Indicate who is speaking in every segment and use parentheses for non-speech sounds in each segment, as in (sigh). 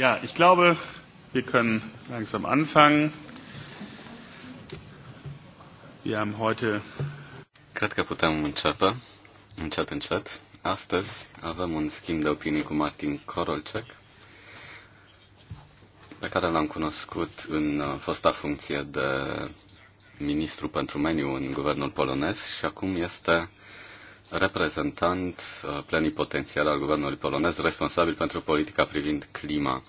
Speaker 1: Ja, ich glaube, wir können langsam anfangen. Wir haben heute Cred că putem începe, încet, încet. Astăzi avem un schimb de opinii cu Martin Korolcek, pe care l-am cunoscut în uh, fosta funcție de ministru pentru meniu în guvernul polonez și acum este uh, reprezentant uh, plenipotențial al guvernului polonez responsabil pentru politica privind clima.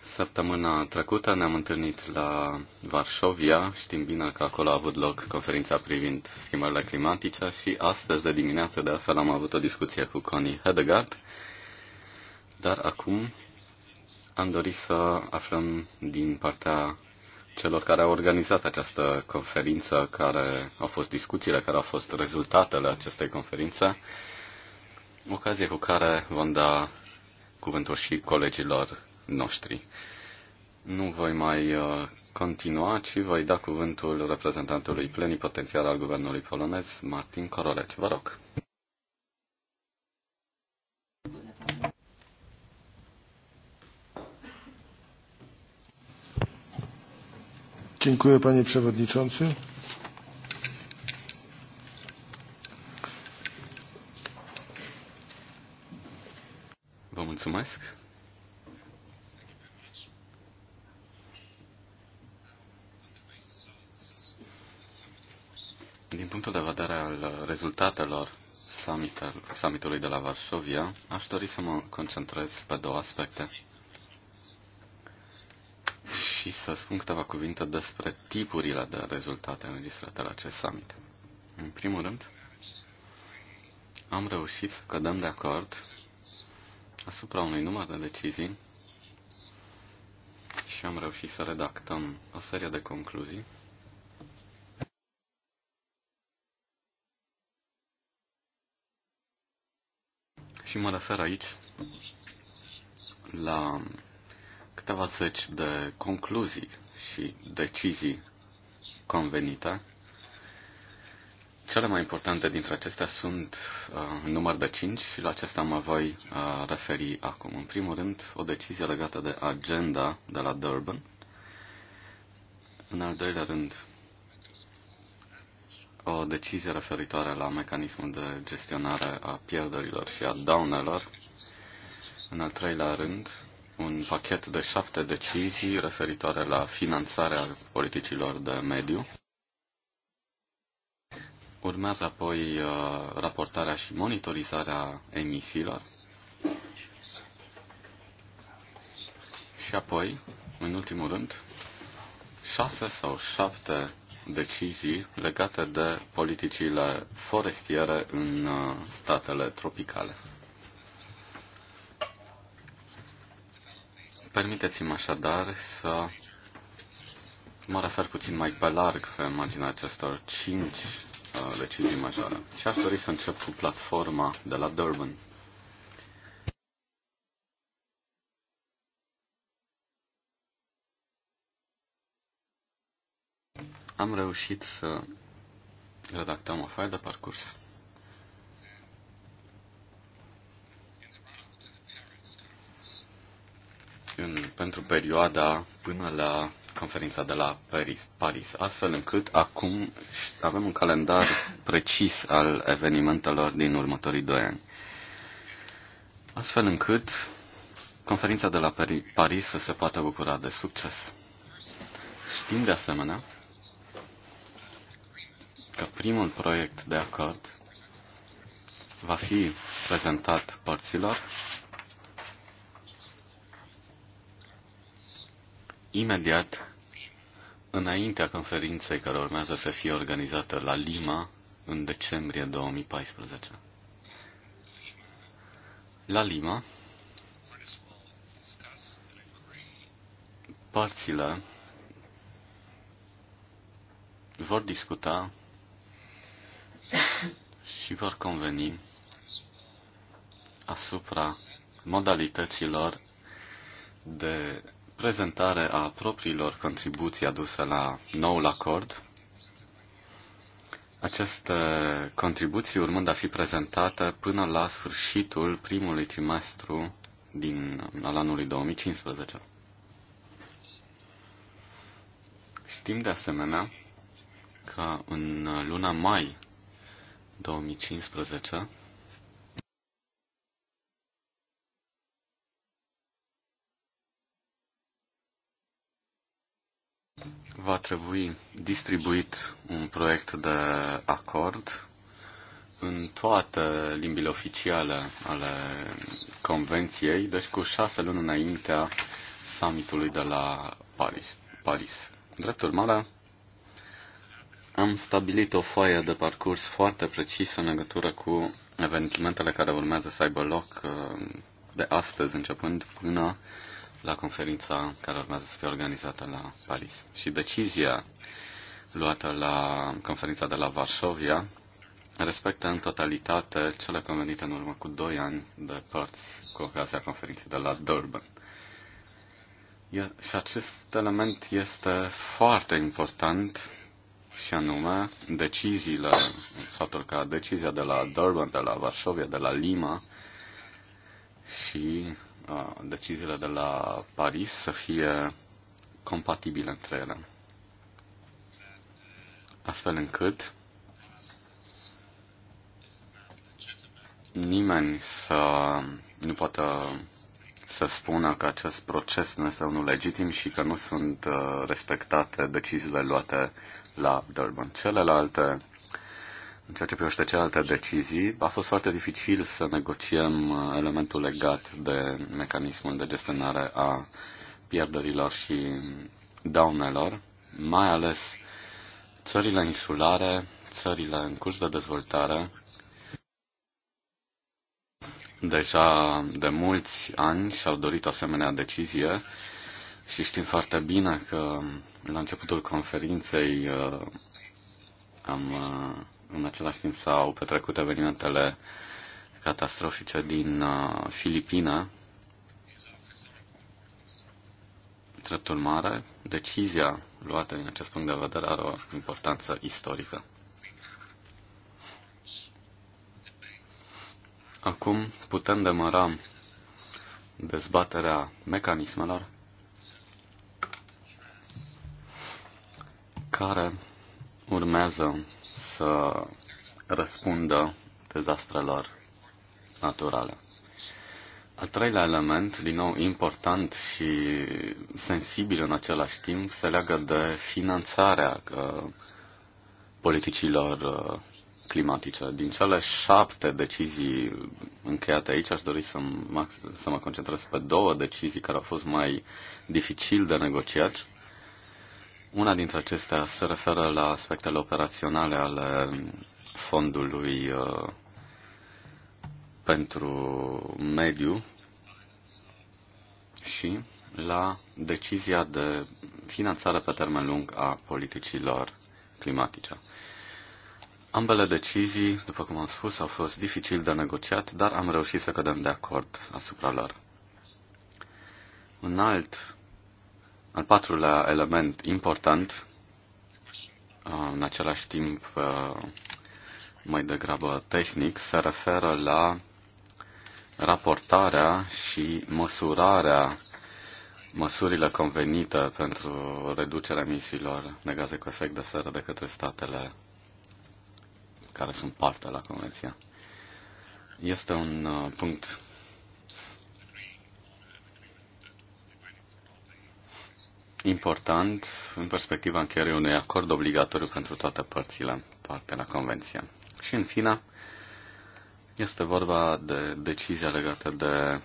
Speaker 1: Săptămâna trecută ne-am întâlnit la Varșovia, știm bine că acolo a avut loc conferința privind schimbările climatice și astăzi de dimineață de altfel am avut o discuție cu Connie Hedegaard, dar acum am dorit să aflăm din partea celor care au organizat această conferință, care au fost discuțiile, care au fost rezultatele acestei conferințe, ocazie cu care vom da cuvântul și colegilor noștri. Nu voi mai uh, continua, ci voi da cuvântul reprezentantului plenipotențial al guvernului polonez, Martin Corolec. Vă rog. Dziękuję panie przewodniczący. Vă mulțumesc. Din punctul de vedere al rezultatelor summitului de la Varsovia, aș dori să mă concentrez pe două aspecte și să spun câteva cuvinte despre tipurile de rezultate înregistrate la acest summit. În primul rând, am reușit să cădem de acord asupra unui număr de decizii și am reușit să redactăm o serie de concluzii Și mă refer aici la câteva zeci de concluzii și decizii convenite. Cele mai importante dintre acestea sunt uh, număr de 5 și la acesta mă voi uh, referi acum. În primul rând, o decizie legată de agenda de la Durban. În al doilea rând, o decizie referitoare la mecanismul de gestionare a pierderilor și a daunelor. În al treilea rând, un pachet de șapte decizii referitoare la finanțarea politicilor de mediu. Urmează apoi uh, raportarea și monitorizarea emisiilor. Și apoi, în ultimul rând, șase sau șapte decizii legate de politicile forestiere în uh, statele tropicale. Permiteți-mi așadar să mă refer puțin mai pe larg pe marginea acestor cinci uh, decizii majore. Și aș dori să încep cu platforma de la Durban. Am reușit să redactăm o foaie de parcurs în, pentru perioada până la conferința de la Paris, Paris, astfel încât acum avem un calendar precis al evenimentelor din următorii doi ani. Astfel încât conferința de la Paris să se poată bucura de succes. Știm de asemenea că primul proiect de acord va fi prezentat părților imediat înaintea conferinței care urmează să fie organizată la Lima în decembrie 2014. La Lima, părțile vor discuta și vor conveni asupra modalităților de prezentare a propriilor contribuții aduse la noul acord, aceste contribuții urmând a fi prezentate până la sfârșitul primului trimestru din, al anului 2015. Știm de asemenea că în luna mai 2015 va trebui distribuit un proiect de acord în toate limbile oficiale ale convenției, deci cu șase luni înaintea summitului de la Paris. Paris. Drept urmare, am stabilit o foaie de parcurs foarte precisă în legătură cu evenimentele care urmează să aibă loc uh, de astăzi începând până la conferința care urmează să fie organizată la Paris. Și decizia luată la conferința de la Varsovia respectă în totalitate cele convenite în urmă cu doi ani de părți cu ocazia conferinței de la Durban. Și acest element este foarte important și anume deciziile, faptul că decizia de la Durban, de la Varsovia, de la Lima și Uh, deciziile de la Paris să fie compatibile între ele. Astfel încât nimeni să nu poată să spună că acest proces nu este unul legitim și că nu sunt uh, respectate deciziile luate la Durban. Celelalte în ceea ce privește celelalte decizii, a fost foarte dificil să negociem uh, elementul legat de mecanismul de gestionare a pierderilor și daunelor, mai ales țările insulare, țările în curs de dezvoltare, deja de mulți ani și-au dorit o asemenea decizie și știm foarte bine că la începutul conferinței uh, am uh, în același timp s-au petrecut evenimentele catastrofice din uh, Filipina. treptul mare, decizia luată din acest punct de vedere are o importanță istorică. Acum putem demara dezbaterea mecanismelor care urmează să răspundă dezastrelor naturale. Al treilea element, din nou important și sensibil în același timp, se leagă de finanțarea uh, politicilor uh, climatice. Din cele șapte decizii încheiate aici, aș dori să, să mă concentrez pe două decizii care au fost mai dificil de negociat una dintre acestea se referă la aspectele operaționale ale fondului uh, pentru mediu și la decizia de finanțare pe termen lung a politicilor climatice. Ambele decizii, după cum am spus, au fost dificil de negociat, dar am reușit să cădem de acord asupra lor. Un alt al patrulea element important, uh, în același timp uh, mai degrabă tehnic, se referă la raportarea și măsurarea măsurile convenite pentru reducerea emisiilor de gaze cu efect de seră de către statele care sunt parte la Convenția. Este un uh, punct important în perspectiva încheierii unui acord obligatoriu pentru toate părțile parte la Convenție. Și în fine, este vorba de decizia legată de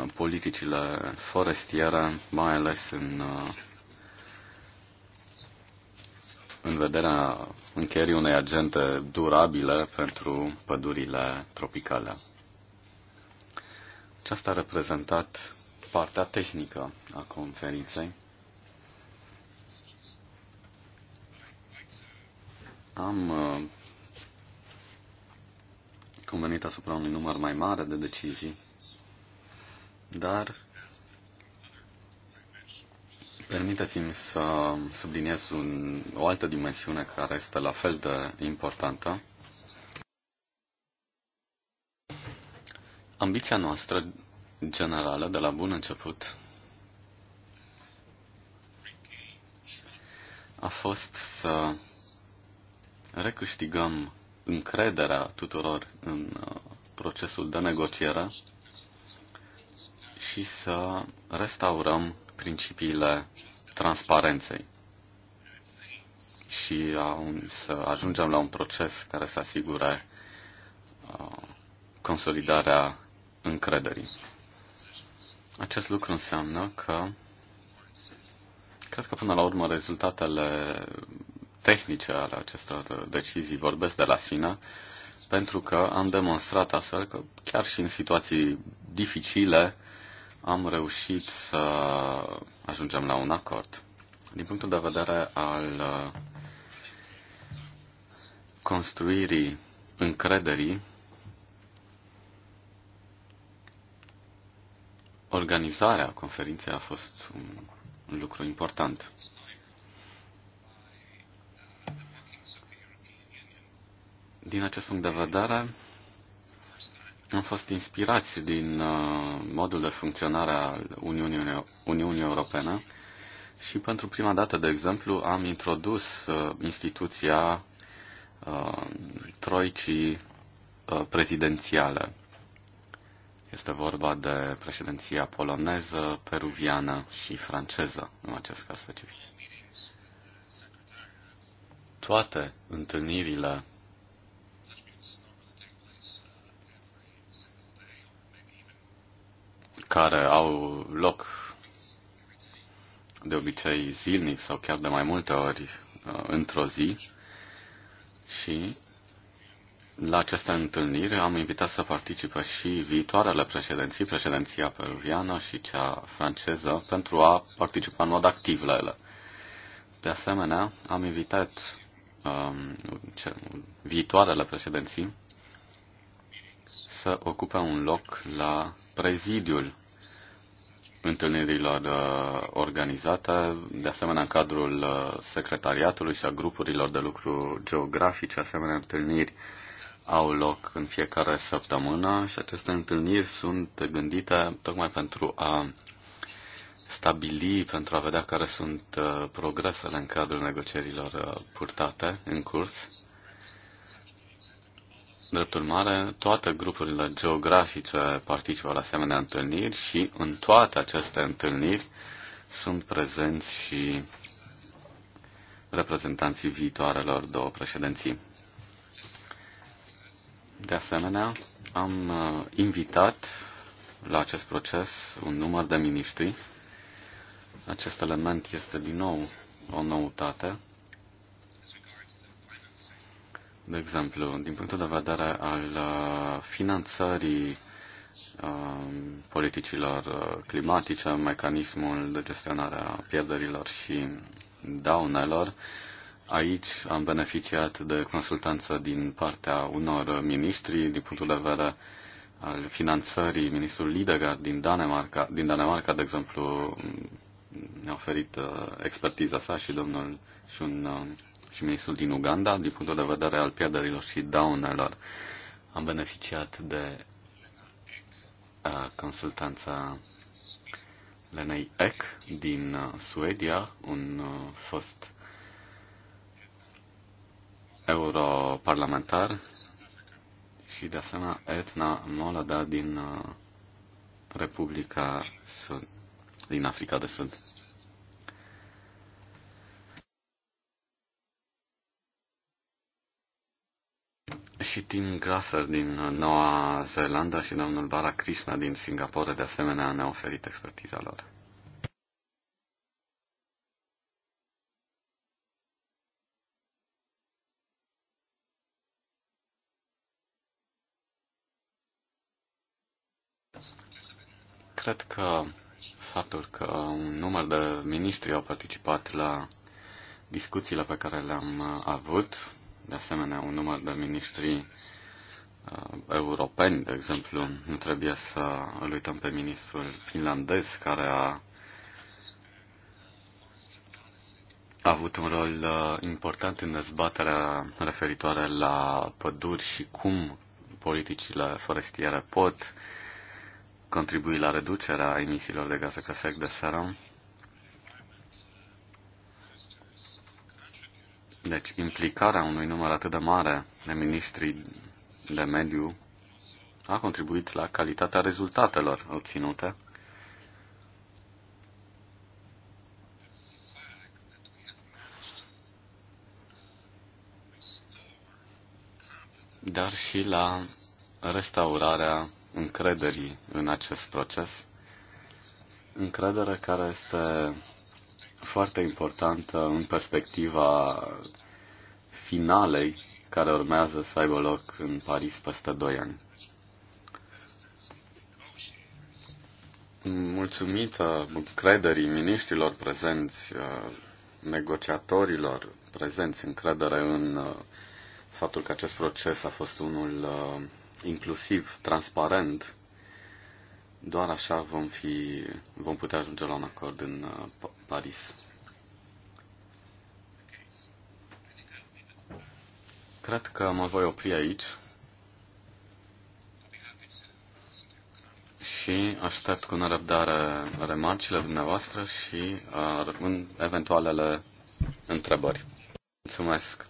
Speaker 1: uh, politicile forestiere, mai ales în, uh, în vederea încheierii unei agente durabile pentru pădurile tropicale. Aceasta a reprezentat partea tehnică a conferinței. Am uh, convenit asupra unui număr mai mare de decizii, dar permiteți-mi să subliniez un, o altă dimensiune care este la fel de importantă. Ambiția noastră generală de la bun început a fost să recâștigăm încrederea tuturor în uh, procesul de negociere și să restaurăm principiile transparenței și a un, să ajungem la un proces care să asigure uh, consolidarea încrederii. Acest lucru înseamnă că cred că până la urmă rezultatele tehnice ale acestor decizii vorbesc de la sine, pentru că am demonstrat astfel că chiar și în situații dificile am reușit să ajungem la un acord. Din punctul de vedere al uh, construirii încrederii organizarea conferinței a fost un lucru important. Din acest punct de vedere, am fost inspirați din uh, modul de funcționare al Uniunii, Uniunii Europene și pentru prima dată, de exemplu, am introdus uh, instituția uh, troicii prezidențiale este vorba de președinția poloneză, peruviană și franceză, în acest caz specific. Toate întâlnirile care au loc de obicei zilnic sau chiar de mai multe ori uh, într-o zi și la această întâlnire am invitat să participe și viitoarele președinții, președinția peruviană și cea franceză, pentru a participa în mod activ la ele. De asemenea, am invitat um, ce, viitoarele președinții să ocupe un loc la prezidiul întâlnirilor uh, organizate, de asemenea în cadrul uh, secretariatului și a grupurilor de lucru geografice, asemenea întâlniri uh, au loc în fiecare săptămână și aceste întâlniri sunt gândite tocmai pentru a stabili, pentru a vedea care sunt uh, progresele în cadrul negocierilor uh, purtate în curs. Drept urmare, toate grupurile geografice participă la asemenea întâlniri și în toate aceste întâlniri sunt prezenți și reprezentanții viitoarelor două președinții. De asemenea, am uh, invitat la acest proces un număr de miniștri. Acest element este din nou o noutate. De exemplu, din punctul de vedere al uh, finanțării uh, politicilor climatice, mecanismul de gestionare a pierderilor și daunelor, Aici am beneficiat de consultanță din partea unor ministri din punctul de vedere al finanțării. Ministrul Lidegaard din Danemarca, din Danemarca de exemplu, ne-a oferit uh, expertiza sa și domnul și, un, uh, și ministrul din Uganda din punctul de vedere al pierderilor și daunelor. Am beneficiat de uh, consultanța Lenei Ek din Suedia, un fost europarlamentar și de asemenea Etna Molada din uh, Republica Sud, din Africa de Sud. Și Tim Grasser din uh, Noua Zeelandă și domnul Bala Krishna din Singapore de asemenea ne-au oferit expertiza lor. Cred că faptul că un număr de ministri au participat la discuțiile pe care le-am uh, avut, de asemenea un număr de ministri uh, europeni, de exemplu, nu trebuie să îl uităm pe ministrul finlandez care a a avut un rol uh, important în dezbaterea referitoare la păduri și cum politicile forestiere pot contribui la reducerea emisiilor de gaze cu efect de seră. Deci, implicarea unui număr atât de mare de ministri de mediu a contribuit la calitatea rezultatelor obținute. dar și la restaurarea încrederii în acest proces, încredere care este foarte importantă în perspectiva finalei care urmează să aibă loc în Paris peste 2 ani. Mulțumită încrederii miniștrilor prezenți, negociatorilor prezenți, încredere în uh, faptul că acest proces a fost unul uh, inclusiv, transparent, doar așa vom, fi, vom putea ajunge la un acord în uh, Paris. Cred că mă voi opri aici și aștept cu nerăbdare remarcile dumneavoastră și uh, rămân eventualele întrebări. Mulțumesc,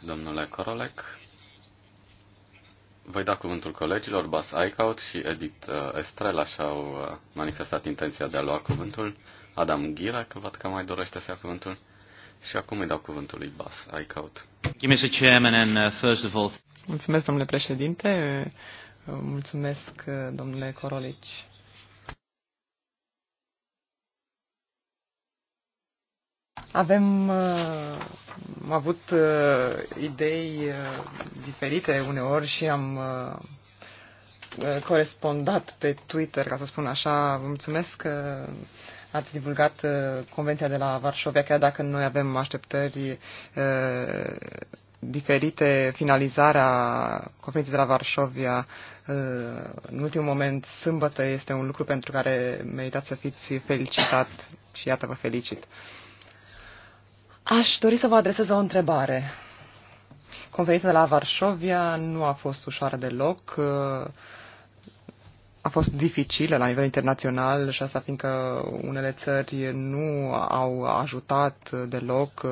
Speaker 1: domnule Corolec. Voi da cuvântul colegilor, Bas Aicaut și Edith uh, Estrela și-au uh, manifestat intenția de a lua cuvântul. Adam Ghira, că văd că mai dorește să ia cuvântul. Și acum îi dau cuvântul lui Bas Aicaut. Uh,
Speaker 2: Mulțumesc, domnule președinte. Mulțumesc, domnule Corolici, Avem uh, avut uh, idei uh, diferite uneori și am uh, uh, corespondat pe Twitter, ca să spun așa. Vă mulțumesc că ați divulgat uh, convenția de la Varșovia, chiar dacă noi avem așteptări uh, diferite, finalizarea conferinței de la Varșovia uh, în ultimul moment, sâmbătă, este un lucru pentru care meritați să fiți felicitat și iată vă felicit. Aș dori să vă adresez o întrebare. Conferința de la Varșovia nu a fost ușoară deloc. A fost dificilă la nivel internațional și asta fiindcă unele țări nu au ajutat deloc,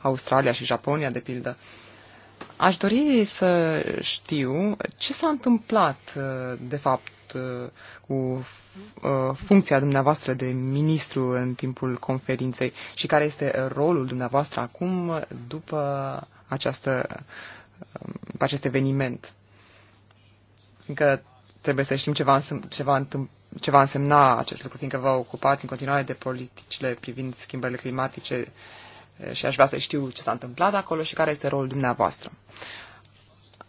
Speaker 2: Australia și Japonia, de pildă. Aș dori să știu ce s-a întâmplat, de fapt, Uh, cu uh, funcția dumneavoastră de ministru în timpul conferinței și care este rolul dumneavoastră acum după această, um, acest eveniment. Fiindcă trebuie să știm ce va, ce va întâmpla ce va însemna acest lucru, fiindcă vă ocupați în continuare de politicile privind schimbările climatice uh, și aș vrea să știu ce s-a întâmplat acolo și care este rolul dumneavoastră.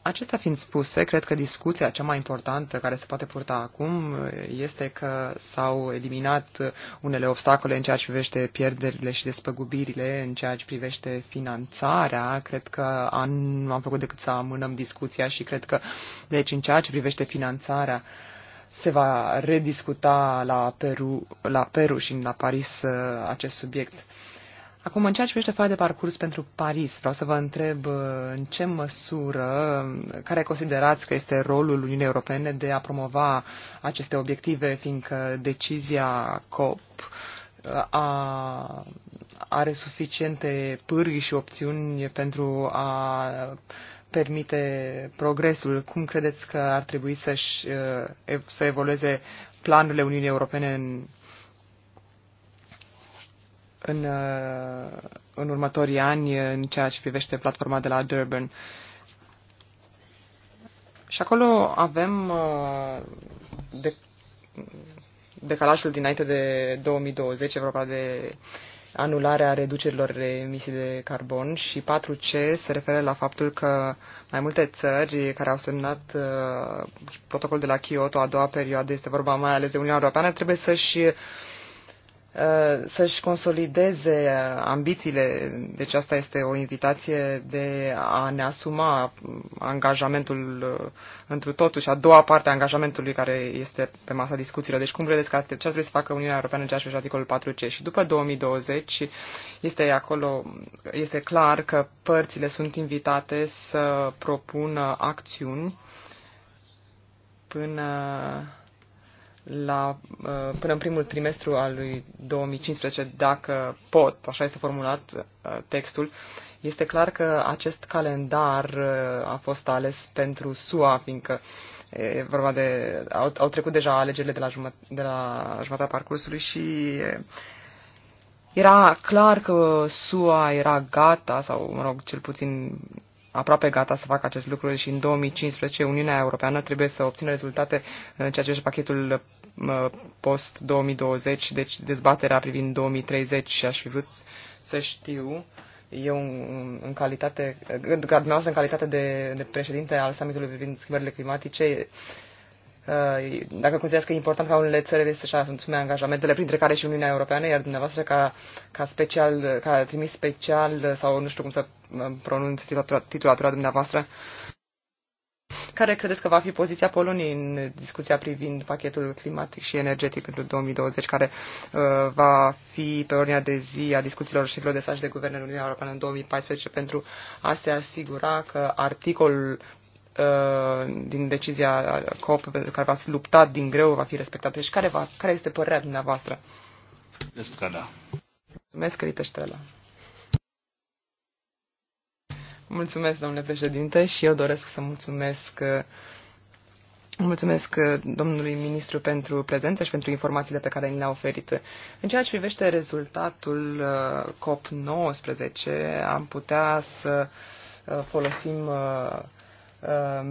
Speaker 2: Acestea fiind spuse, cred că discuția cea mai importantă care se poate purta acum este că s-au eliminat unele obstacole în ceea ce privește pierderile și despăgubirile, în ceea ce privește finanțarea. Cred că nu am făcut decât să amânăm discuția și cred că, deci, în ceea ce privește finanțarea, se va rediscuta la Peru, la Peru și la Paris uh, acest subiect. Acum, în ceea ce privește foaia de parcurs pentru Paris, vreau să vă întreb uh, în ce măsură, uh, care considerați că este rolul Uniunii Europene de a promova aceste obiective, fiindcă decizia COP uh, a, are suficiente pârghi și opțiuni pentru a permite progresul. Cum credeți că ar trebui să, să evolueze planurile Uniunii Europene în în, uh, în următorii ani în ceea ce privește platforma de la Durban. Și acolo avem uh, de, decalajul dinainte de 2020, vorba de anularea reducerilor de emisii de carbon și 4C se referă la faptul că mai multe țări care au semnat uh, protocolul de la Kyoto, a doua perioadă, este vorba mai ales de Uniunea Europeană, trebuie să-și Uh, să-și consolideze ambițiile. Deci asta este o invitație de a ne asuma angajamentul uh, întru totul și a doua parte a angajamentului care este pe masa discuțiilor. Deci cum credeți că ce ar trebui să facă Uniunea Europeană în ceea ce articolul 4C? Și după 2020 este acolo, este clar că părțile sunt invitate să propună acțiuni până la, uh, până în primul trimestru al lui 2015, dacă pot, așa este formulat uh, textul, este clar că acest calendar uh, a fost ales pentru SUA, fiindcă e vorba de, au, au trecut deja alegerile de la, jumăt, de la jumătatea parcursului și era clar că SUA era gata, sau, mă rog, cel puțin aproape gata să facă acest lucru și în 2015 Uniunea Europeană trebuie să obțină rezultate în ceea ce este pachetul Uh, post-2020, deci dezbaterea privind 2030 și aș fi vrut să știu eu în calitate, ca dumneavoastră în calitate de, de președinte al summitului privind schimbările climatice, uh, dacă considerați că e important ca unele țări să-și asume angajamentele, printre care și Uniunea Europeană, iar dumneavoastră ca, ca, special, ca trimis special sau nu știu cum să uh, pronunț titulatura, titulatura dumneavoastră, care credeți că va fi poziția Poloniei în discuția privind pachetul climatic și energetic pentru 2020, care uh, va fi pe ordinea de zi a discuțiilor și de sași de guvern în Uniunea Europeană în 2014 pentru a se asigura că articolul uh, din decizia COP pentru care v-ați luptat din greu va fi respectat. Și deci care, va, care este părerea dumneavoastră? Estrada. Mulțumesc, Rita Estrela. Mulțumesc, domnule președinte, și eu doresc să mulțumesc uh, Mulțumesc uh, domnului ministru pentru prezență și pentru informațiile pe care ni le-a oferit. În ceea ce privește rezultatul uh, COP19, am putea să folosim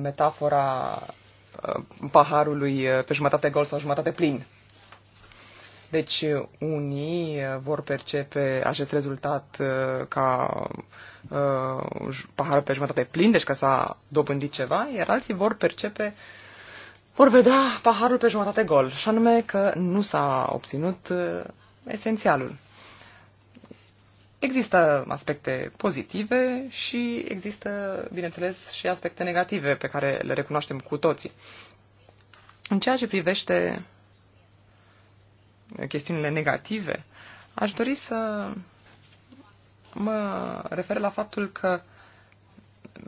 Speaker 2: metafora paharului pe jumătate gol sau jumătate plin. Deci uh, unii uh, vor percepe acest rezultat uh, ca uh, paharul pe jumătate plin, deci că s-a dobândit ceva, iar alții vor percepe vor vedea paharul pe jumătate gol, și anume că nu s-a obținut esențialul. Există aspecte pozitive și există, bineînțeles, și aspecte negative pe care le recunoaștem cu toții. În ceea ce privește chestiunile negative, aș dori să mă refer la faptul că,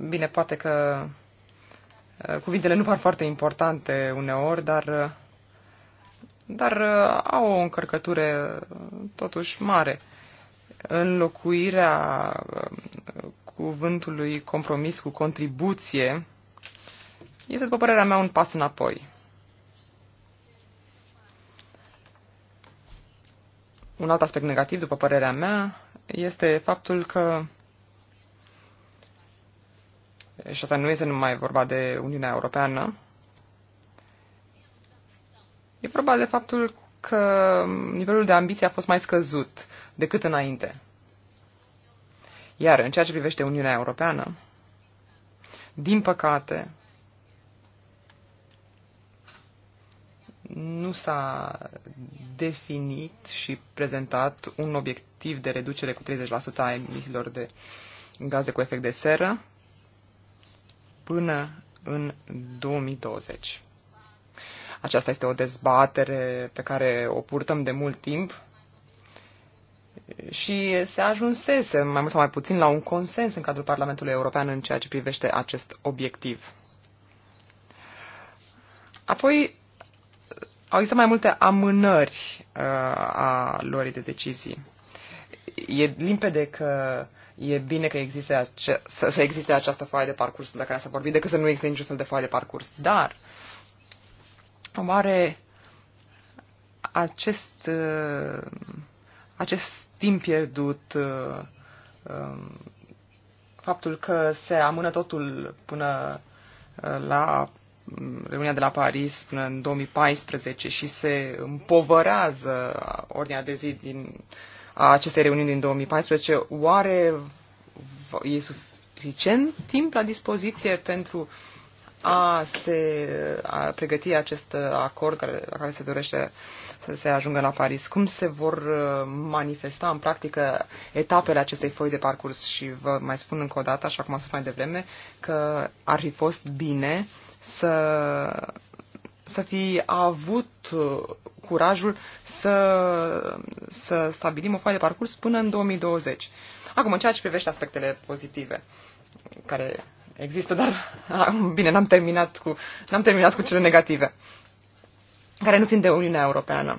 Speaker 2: bine, poate că uh, cuvintele nu par foarte importante uneori, dar, uh, dar uh, au o încărcătură totuși mare. Înlocuirea cuvântului compromis cu contribuție este, după părerea mea, un pas înapoi. Un alt aspect negativ, după părerea mea, este faptul că și asta nu este numai vorba de Uniunea Europeană, e vorba de faptul că nivelul de ambiție a fost mai scăzut decât înainte. Iar în ceea ce privește Uniunea Europeană, din păcate, nu s-a definit și prezentat un obiectiv de reducere cu 30% a emisiilor de gaze cu efect de seră până în 2020. Aceasta este o dezbatere pe care o purtăm de mult timp și se ajunsese mai mult sau mai puțin la un consens în cadrul Parlamentului European în ceea ce privește acest obiectiv. Apoi au existat mai multe amânări uh, a luării de decizii. E limpede că e bine că existe ace- să, să existe această foaie de parcurs de care s-a vorbit, decât să nu existe niciun fel de foaie de parcurs. Dar, oare acest, uh, acest timp pierdut, uh, uh, faptul că se amână totul până uh, la reuniunea de la Paris până în 2014 și se împovărează ordinea de zi din a acestei reuniuni din 2014, oare e suficient timp la dispoziție pentru a se a pregăti acest acord care, la care se dorește să se ajungă la Paris. Cum se vor uh, manifesta în practică etapele acestei foi de parcurs? Și vă mai spun încă o dată, așa cum am spus mai devreme, că ar fi fost bine uh, să, să fi avut uh, curajul să, să stabilim o foaie de parcurs până în 2020. Acum, în ceea ce privește aspectele pozitive, care există, dar (laughs) bine, n-am terminat cu, n-am terminat cu cele negative, care nu țin de Uniunea Europeană.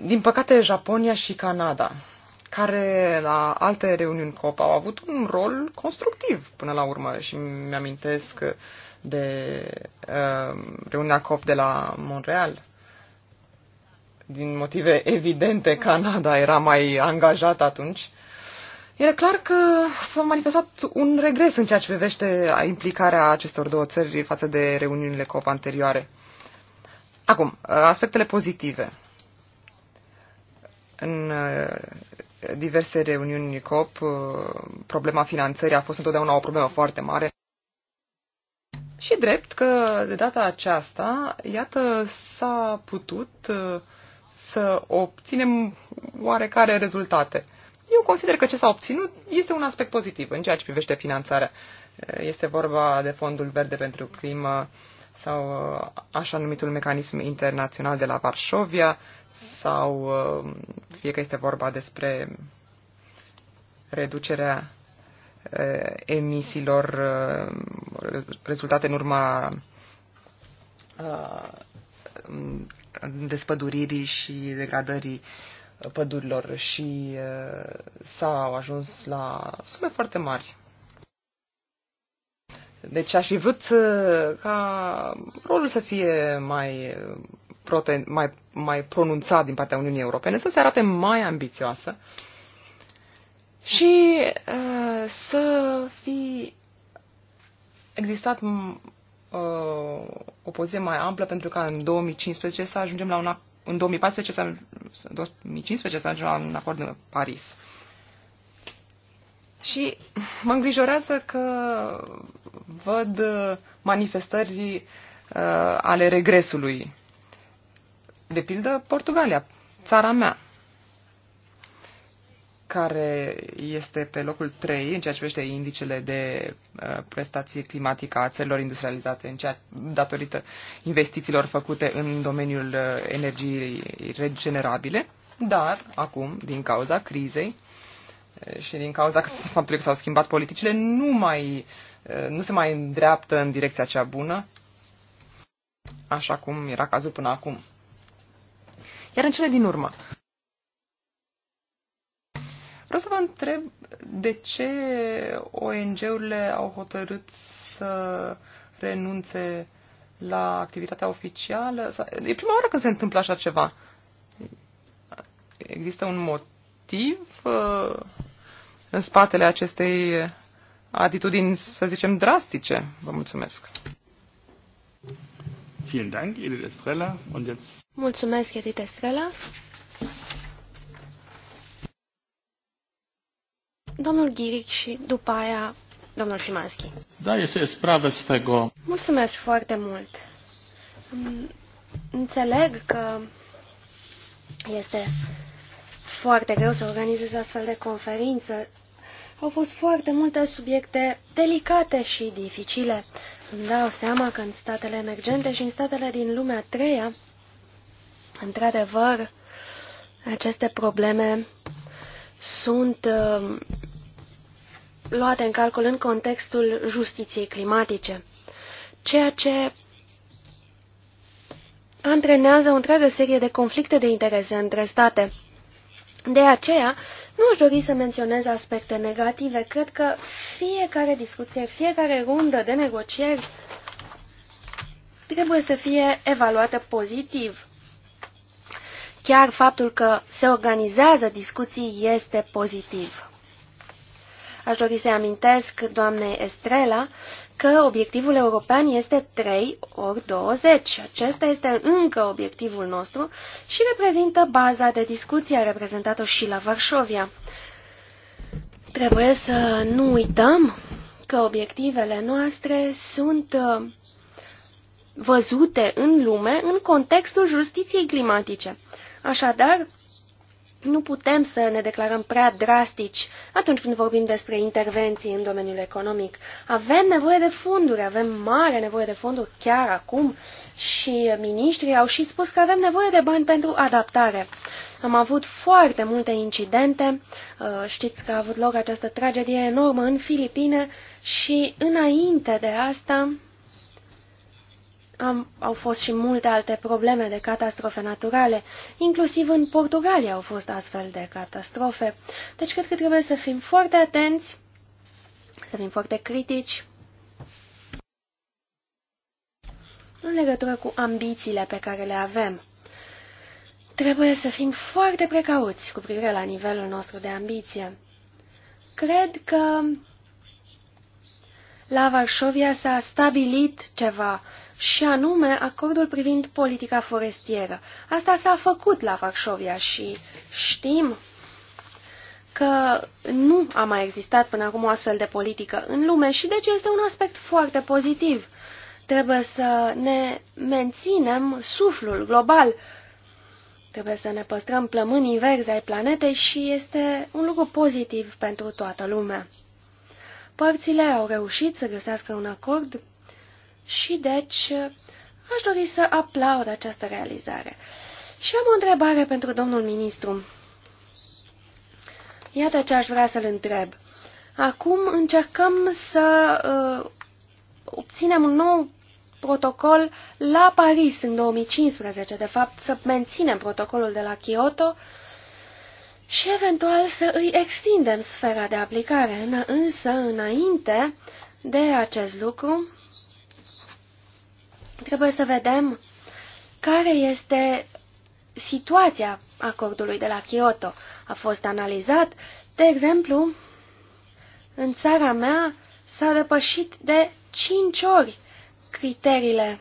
Speaker 2: Din păcate, Japonia și Canada care la alte reuniuni COP au avut un rol constructiv până la urmă și mi-amintesc de uh, reuniunea COP de la Montreal. Din motive evidente, Canada era mai angajat atunci. E clar că s-a manifestat un regres în ceea ce privește implicarea acestor două țări față de reuniunile COP anterioare. Acum, aspectele pozitive. În diverse reuniuni COP, uh, problema finanțării a fost întotdeauna o problemă foarte mare. Și drept că de data aceasta, iată, s-a putut uh, să obținem oarecare rezultate. Eu consider că ce s-a obținut este un aspect pozitiv în ceea ce privește finanțarea. Uh, este vorba de Fondul Verde pentru Climă sau așa numitul mecanism internațional de la Varșovia sau uh, fie că este vorba despre reducerea uh, emisiilor uh, rezultate în urma despăduririi și degradării pădurilor și s-au ajuns la sume foarte mari. Deci aș fi vrut ca rolul să fie mai prote- mai, mai pronunțat din partea Uniunii Europene, să se arate mai ambițioasă și uh, să fi existat uh, o poziție mai amplă pentru ca în 2015 să ajungem la un în 2014 să, 2015 să ajungem la un acord în Paris. Și mă îngrijorează că văd manifestări uh, ale regresului de pildă, Portugalia, țara mea, care este pe locul 3 în ceea ce privește indicele de uh, prestație climatică a țărilor industrializate, în ceea, datorită investițiilor făcute în domeniul uh, energiei regenerabile, dar acum, din cauza crizei uh, și din cauza faptului că s-au schimbat politicile, nu, mai, nu se mai îndreaptă în direcția cea bună, așa cum era cazul până acum. Iar în cele din urmă, vreau să vă întreb de ce ONG-urile au hotărât să renunțe la activitatea oficială. E prima oară când se întâmplă așa ceva. Există un motiv uh, în spatele acestei atitudini, să zicem, drastice. Vă mulțumesc.
Speaker 1: Vielen Dank, Edith Estrella. Und jetzt
Speaker 3: Mulțumesc, Edith Estrella. Domnul Ghiric și după aia domnul Fimanski.
Speaker 1: Da, este sprawę z
Speaker 2: tego.
Speaker 3: Mulțumesc foarte mult. Înțeleg că este foarte greu să organizez o astfel de conferință. Au fost foarte multe subiecte delicate și dificile îmi dau seama că în statele emergente și în statele din lumea a treia, într-adevăr, aceste probleme sunt uh, luate în calcul în contextul justiției climatice, ceea ce antrenează o întreagă serie de conflicte de interese între state. De aceea, nu aș dori să menționez aspecte negative. Cred că fiecare discuție, fiecare rundă de negocieri trebuie să fie evaluată pozitiv. Chiar faptul că se organizează discuții este pozitiv. Aș dori să-i amintesc doamnei Estrela că obiectivul european este 3 ori 20. Acesta este încă obiectivul nostru și reprezintă baza de discuție, a reprezentat-o și la Varșovia. Trebuie să nu uităm că obiectivele noastre sunt uh, văzute în lume în contextul justiției climatice. Așadar, nu putem să ne declarăm prea drastici atunci când vorbim despre intervenții în domeniul economic. Avem nevoie de fonduri, avem mare nevoie de fonduri chiar acum și ministrii au și spus că avem nevoie de bani pentru adaptare. Am avut foarte multe incidente, uh, știți că a avut loc această tragedie enormă în Filipine și înainte de asta am, au fost și multe alte probleme de catastrofe naturale, inclusiv în Portugalia au fost astfel de catastrofe. Deci cred că trebuie să fim foarte atenți, să fim foarte critici în legătură cu ambițiile pe care le avem. Trebuie să fim foarte precauți cu privire la nivelul nostru de ambiție. Cred că la Varșovia s-a stabilit ceva și anume acordul privind politica forestieră. Asta s-a făcut la Varșovia și știm că nu a mai existat până acum o astfel de politică în lume și deci este un aspect foarte pozitiv. Trebuie să ne menținem suflul global, trebuie să ne păstrăm plămânii verzi ai planetei și este un lucru pozitiv pentru toată lumea. Părțile au reușit să găsească un acord și deci aș dori să aplaud această realizare. Și am o întrebare pentru domnul ministru. Iată ce aș vrea să-l întreb. Acum încercăm să uh, obținem un nou protocol la Paris în 2015, de fapt să menținem protocolul de la Kyoto și eventual să îi extindem sfera de aplicare. Însă, înainte de acest lucru, Trebuie să vedem care este situația acordului de la Kyoto. A fost analizat, de exemplu, în țara mea s-a depășit de 5 ori criteriile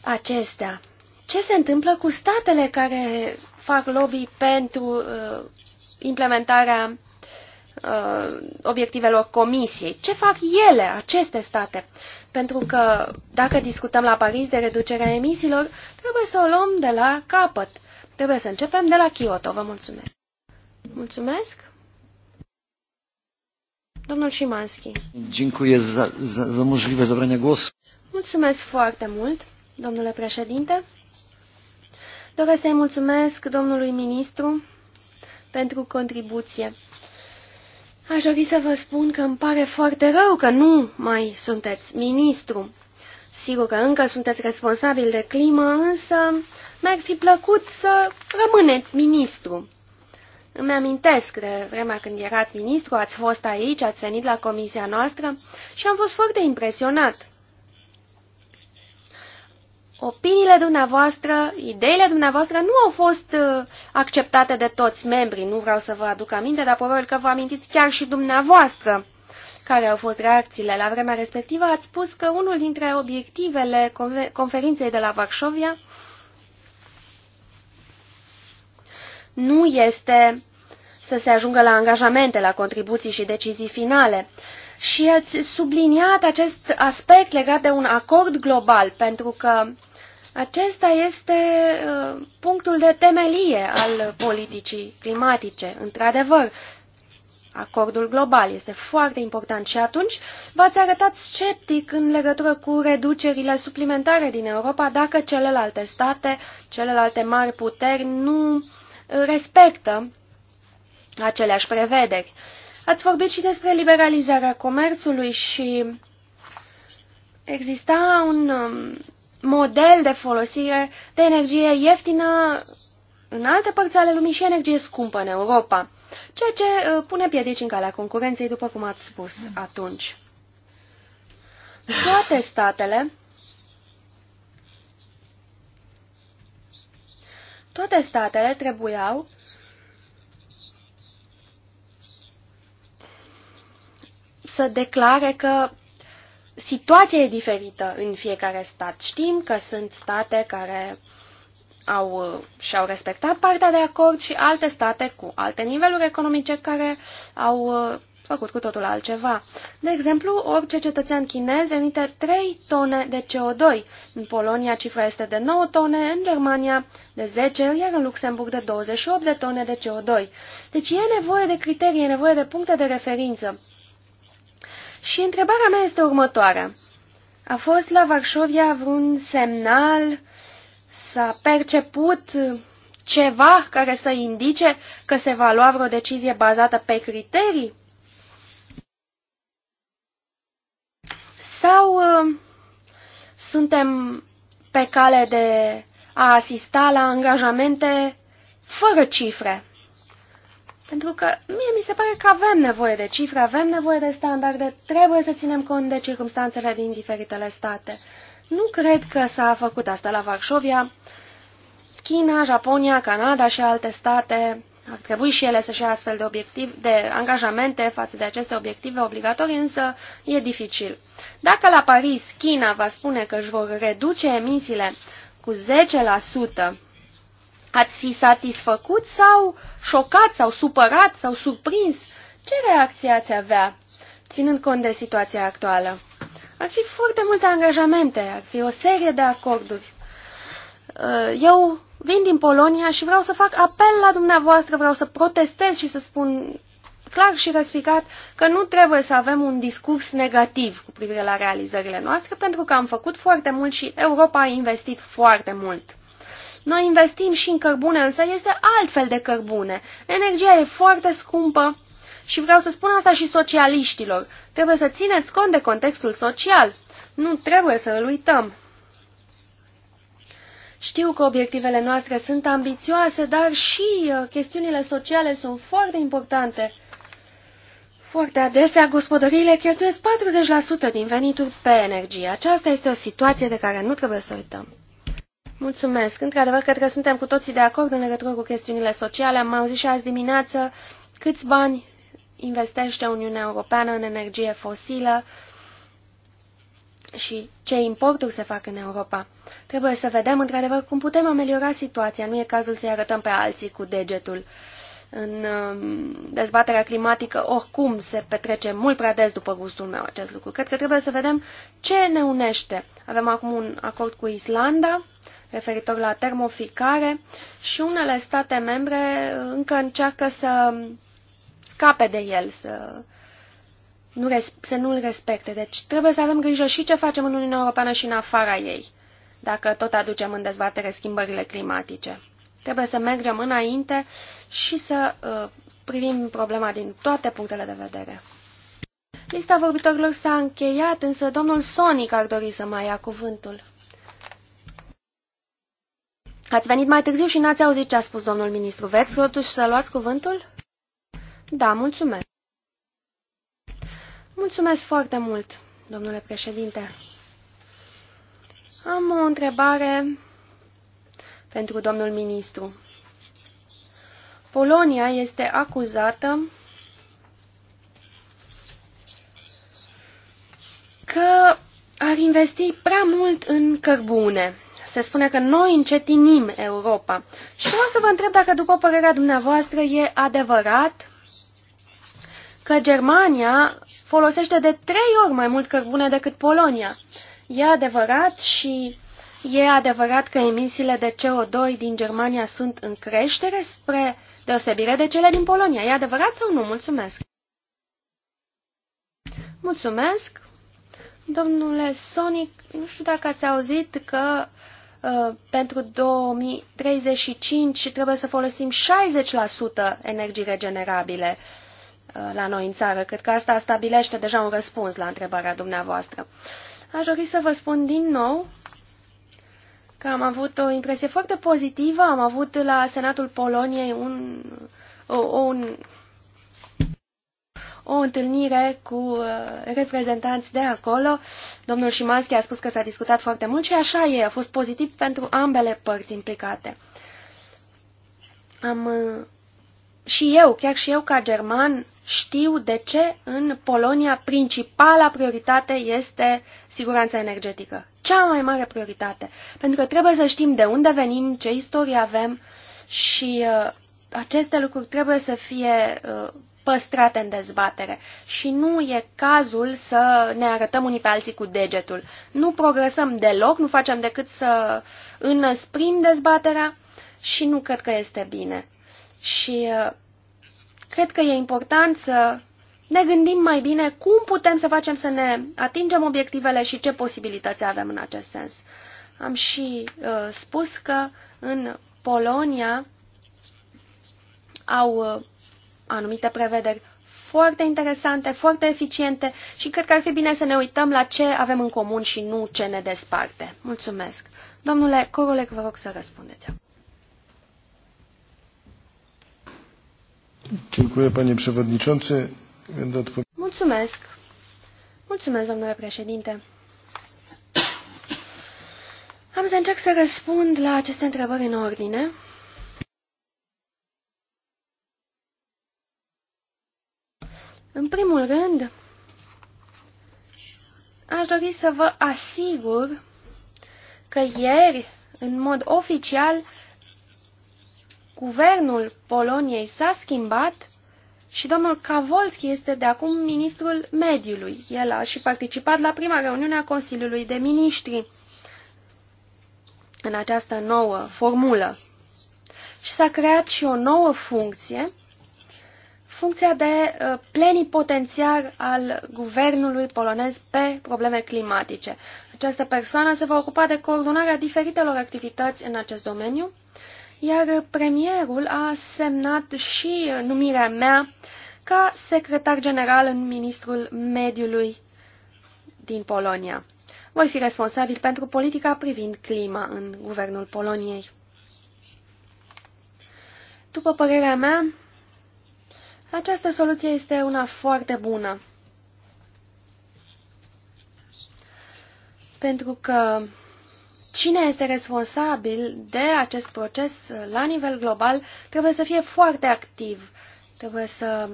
Speaker 3: acestea. Ce se întâmplă cu statele care fac lobby pentru uh, implementarea Uh, obiectivelor comisiei. Ce fac ele, aceste state? Pentru că dacă discutăm la Paris de reducerea emisiilor, trebuie să o luăm de la capăt. Trebuie să începem de la Kyoto. Vă mulțumesc. Mulțumesc. Domnul Șimanski. Mulțumesc foarte mult, domnule președinte. Doresc să-i mulțumesc domnului ministru pentru contribuție. Aș dori să vă spun că îmi pare foarte rău că nu mai sunteți ministru. Sigur că încă sunteți responsabil de climă, însă mi-ar fi plăcut să rămâneți ministru. Îmi amintesc de vremea când erați ministru, ați fost aici, ați venit la comisia noastră și am fost foarte impresionat. Opiniile dumneavoastră, ideile dumneavoastră nu au fost uh, acceptate de toți membrii. Nu vreau să vă aduc aminte, dar probabil că vă amintiți chiar și dumneavoastră care au fost reacțiile. La vremea respectivă ați spus că unul dintre obiectivele conferinței de la Varșovia nu este să se ajungă la angajamente, la contribuții și decizii finale și ați subliniat acest aspect legat de un acord global, pentru că acesta este uh, punctul de temelie al politicii climatice, într-adevăr. Acordul global este foarte important și atunci v-ați arătat sceptic în legătură cu reducerile suplimentare din Europa dacă celelalte state, celelalte mari puteri nu uh, respectă aceleași prevederi. Uh, Ați vorbit și despre liberalizarea comerțului și exista un um, model de folosire de energie ieftină în alte părți ale lumii și energie scumpă în Europa, ceea ce uh, pune piedici în calea concurenței, după cum ați spus atunci. Toate statele toate statele trebuiau să declare că situația e diferită în fiecare stat. Știm că sunt state care au, uh, și-au respectat partea de acord și alte state cu alte niveluri economice care au uh, făcut cu totul altceva. De exemplu, orice cetățean chinez emite 3 tone de CO2. În Polonia cifra este de 9 tone, în Germania de 10, iar în Luxemburg de 28 de tone de CO2. Deci e nevoie de criterii, e nevoie de puncte de referință. Și întrebarea mea este următoarea. A fost la Varșovia vreun semnal? S-a perceput ceva care să indice că se va lua vreo decizie bazată pe criterii? Sau uh, suntem pe cale de a asista la angajamente fără cifre? Pentru că mie mi se pare că avem nevoie de cifre, avem nevoie de standarde, trebuie să ținem cont de circumstanțele din diferitele state. Nu cred că s-a făcut asta la Varșovia. China, Japonia, Canada și alte state ar trebui și ele să-și ia astfel de, obiectiv, de angajamente față de aceste obiective obligatorii, însă e dificil. Dacă la Paris China va spune că își vor reduce emisiile cu 10%, Ați fi satisfăcut sau șocat sau supărat sau surprins? Ce reacție ați avea, ținând cont de situația actuală? Ar fi foarte multe angajamente, ar fi o serie de acorduri. Uh, eu vin din Polonia și vreau să fac apel la dumneavoastră, vreau să protestez și să spun clar și răspicat că nu trebuie să avem un discurs negativ cu privire la realizările noastre, pentru că am făcut foarte mult și Europa a investit foarte mult. Noi investim și în cărbune, însă este altfel de cărbune. Energia e foarte scumpă și vreau să spun asta și socialiștilor. Trebuie să țineți cont de contextul social. Nu trebuie să îl uităm. Știu că obiectivele noastre sunt ambițioase, dar și uh, chestiunile sociale sunt foarte importante. Foarte adesea, gospodăriile cheltuiesc 40% din venituri pe energie. Aceasta este o situație de care nu trebuie să uităm. Mulțumesc. Într-adevăr, cred că suntem cu toții de acord în legătură cu chestiunile sociale. Am auzit și azi dimineață câți bani investește Uniunea Europeană în energie fosilă și ce importuri se fac în Europa. Trebuie să vedem, într-adevăr, cum putem ameliora situația. Nu e cazul să-i arătăm pe alții cu degetul. În um, dezbaterea climatică, oricum, se petrece mult prea des după gustul meu acest lucru. Cred că trebuie să vedem ce ne unește. Avem acum un acord cu Islanda, referitor la termoficare și unele state membre încă încearcă să scape de el, să nu să nu-l respecte. Deci trebuie să avem grijă și ce facem în Uniunea Europeană și în afara ei, dacă tot aducem în dezbatere schimbările climatice. Trebuie să mergem înainte și să uh, privim problema din toate punctele de vedere. Lista vorbitorilor s-a încheiat, însă domnul Sonic ar dori să mai ia cuvântul. Ați venit mai târziu și n-ați auzit ce a spus domnul ministru. Veți totuși să luați cuvântul? Da, mulțumesc. Mulțumesc foarte mult, domnule președinte. Am o întrebare pentru domnul ministru. Polonia este acuzată că ar investi prea mult în cărbune se spune că noi încetinim Europa. Și vreau să vă întreb dacă, după părerea dumneavoastră, e adevărat că Germania folosește de trei ori mai mult cărbune decât Polonia. E adevărat și e adevărat că emisiile de CO2 din Germania sunt în creștere spre deosebire de cele din Polonia. E adevărat sau nu? Mulțumesc! Mulțumesc! Domnule Sonic, nu știu dacă ați auzit că Uh, pentru 2035 trebuie să folosim 60% energii regenerabile uh, la noi în țară. Cred că asta stabilește deja un răspuns la întrebarea dumneavoastră. Aș dori să vă spun din nou că am avut o impresie foarte pozitivă. Am avut la Senatul Poloniei un, un o întâlnire cu uh, reprezentanți de acolo. Domnul Șimanski a spus că s-a discutat foarte mult și așa e, a fost pozitiv pentru ambele părți implicate. Am uh, și eu, chiar și eu ca german, știu de ce în Polonia principala prioritate este siguranța energetică. Cea mai mare prioritate. Pentru că trebuie să știm de unde venim, ce istorie avem și uh, aceste lucruri trebuie să fie uh, păstrate în dezbatere și nu e cazul să ne arătăm unii pe alții cu degetul. Nu progresăm deloc, nu facem decât să înăsprim dezbaterea și nu cred că este bine. Și uh, cred că e important să ne gândim mai bine cum putem să facem să ne atingem obiectivele și ce posibilități avem în acest sens. Am și uh, spus că în Polonia au uh, anumite prevederi foarte interesante, foarte eficiente și cred că ar fi bine să ne uităm la ce avem în comun și nu ce ne desparte. Mulțumesc. Domnule Corolec, vă rog să răspundeți. Mulțumesc. Mulțumesc, domnule președinte. Am să încerc să răspund la aceste întrebări în ordine. În primul rând, aș dori să vă asigur că ieri, în mod oficial, guvernul Poloniei s-a schimbat și domnul Kavolski este de acum ministrul mediului. El a și participat la prima reuniune a Consiliului de Ministri în această nouă formulă. Și s-a creat și o nouă funcție funcția de uh, plenipotențiar al guvernului polonez pe probleme climatice. Această persoană se va ocupa de coordonarea diferitelor activități în acest domeniu, iar premierul a semnat și numirea mea ca secretar general în Ministrul Mediului din Polonia. Voi fi responsabil pentru politica privind clima în guvernul Poloniei. După părerea mea, această soluție este una foarte bună. Pentru că cine este responsabil de acest proces la nivel global trebuie să fie foarte activ. Trebuie să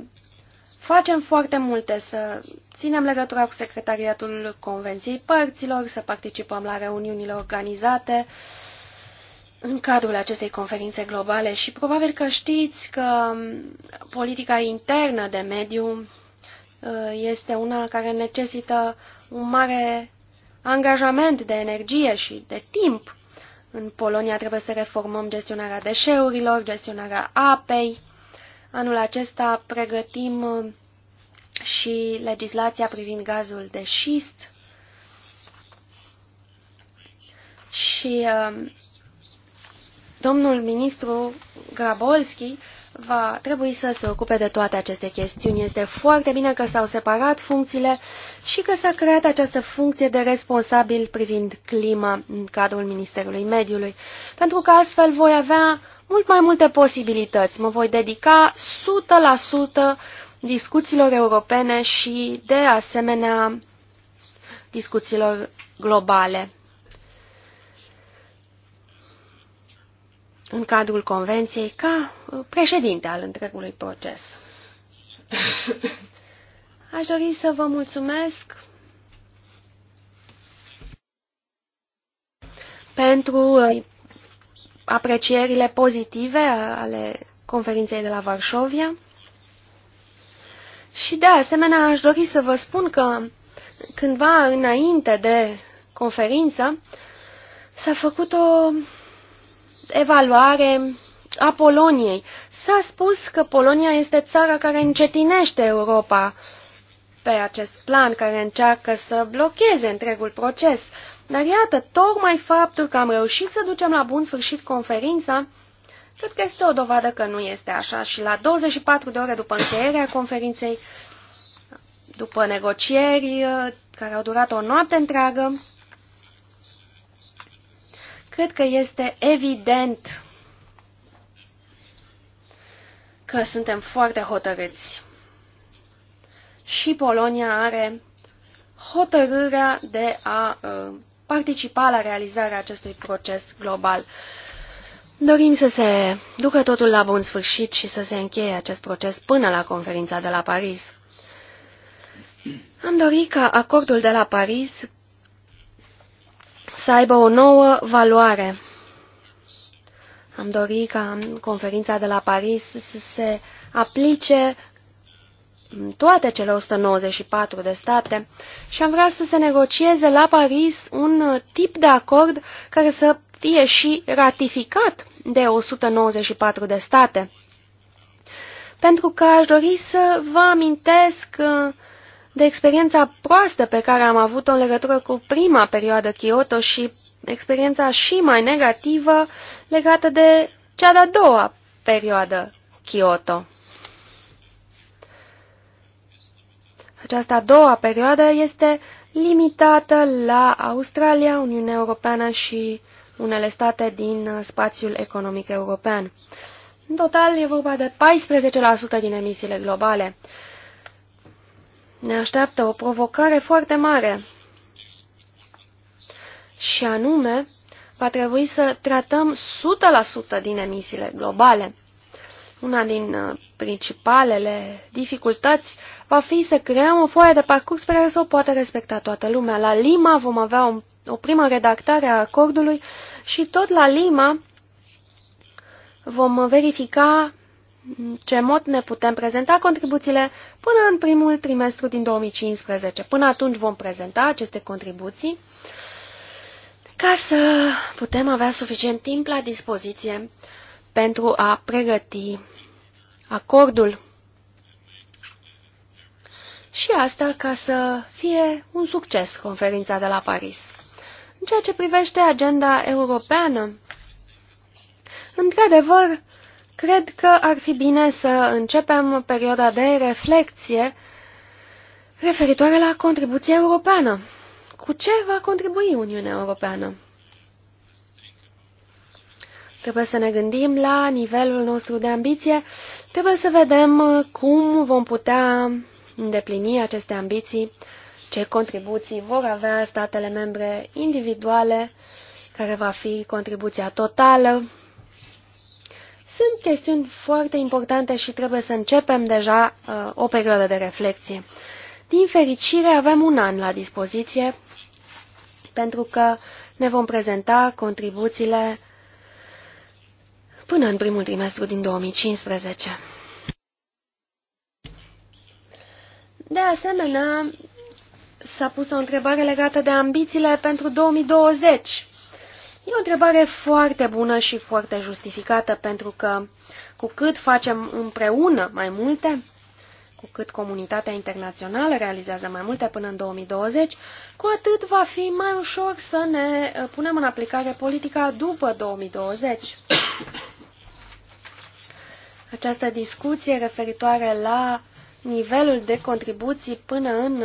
Speaker 3: facem foarte multe, să ținem legătura cu Secretariatul Convenției Părților, să participăm la reuniunile organizate, uh, în cadrul acestei conferințe globale și probabil că știți că um, politica internă de mediu uh, este una care necesită un mare angajament de energie și de timp. În Polonia trebuie să reformăm gestionarea deșeurilor, gestionarea apei. Anul acesta pregătim uh, și legislația privind gazul de șist. Și um, Domnul ministru Grabolski va trebui să se ocupe de toate aceste chestiuni. Este foarte bine că s-au separat funcțiile și că s-a creat această funcție de responsabil privind clima în cadrul Ministerului Mediului, pentru că astfel voi avea mult mai multe posibilități. Mă voi dedica 100% discuțiilor europene și, de asemenea, discuțiilor globale. în cadrul convenției ca uh, președinte al întregului proces. (laughs) Aș dori să vă mulțumesc pentru uh, aprecierile pozitive ale conferinței de la Varșovia. Și de asemenea aș dori să vă spun că cândva înainte de conferință s-a făcut o evaluare a Poloniei. S-a spus că Polonia este țara care încetinește Europa pe acest plan, care încearcă să blocheze întregul proces. Dar iată, tocmai faptul că am reușit să ducem la bun sfârșit conferința, cred că este o dovadă că nu este așa. Și la 24 de ore după încheierea conferinței, după negocieri uh, care au durat o noapte întreagă, Cred că este evident că suntem foarte hotărâți. Și Polonia are hotărârea de a uh, participa la realizarea acestui proces global. Dorim să se ducă totul la bun sfârșit și să se încheie acest proces până la conferința de la Paris. Am dorit ca acordul de la Paris să aibă o nouă valoare. Am dorit ca conferința de la Paris să se aplice în toate cele 194 de state și am vrea să se negocieze la Paris un tip de acord care să fie și ratificat de 194 de state. Pentru că aș dori să vă amintesc uh, de experiența proastă pe care am avut-o în legătură cu prima perioadă Kyoto și experiența și mai negativă legată de cea de-a doua perioadă Kyoto. Această a doua perioadă este limitată la Australia, Uniunea Europeană și unele state din spațiul economic european. În total e vorba de 14% din emisiile globale ne așteaptă o provocare foarte mare. Și anume, va trebui să tratăm 100% din emisiile globale. Una din uh, principalele dificultăți va fi să creăm o foaie de parcurs pe care să o poată respecta toată lumea. La Lima vom avea o, o primă redactare a acordului și tot la Lima vom verifica ce mod ne putem prezenta contribuțiile până în primul trimestru din 2015. Până atunci vom prezenta aceste contribuții ca să putem avea suficient timp la dispoziție pentru a pregăti acordul și asta ca să fie un succes conferința de la Paris. În ceea ce privește agenda europeană, într-adevăr, Cred că ar fi bine să începem perioada de reflexie referitoare la contribuția europeană. Cu ce va contribui Uniunea Europeană? Trebuie să ne gândim la nivelul nostru de ambiție, trebuie să vedem cum vom putea îndeplini aceste ambiții, ce contribuții vor avea statele membre individuale, care va fi contribuția totală sunt chestiuni foarte importante și trebuie să începem deja uh, o perioadă de reflexie. Din fericire, avem un an la dispoziție pentru că ne vom prezenta contribuțiile până în primul trimestru din 2015. De asemenea, s-a pus o întrebare legată de ambițiile pentru 2020 E o întrebare foarte bună și foarte justificată, pentru că cu cât facem împreună mai multe, cu cât comunitatea internațională realizează mai multe până în 2020, cu atât va fi mai ușor să ne uh, punem în aplicare politica după 2020. Această discuție referitoare la nivelul de contribuții până în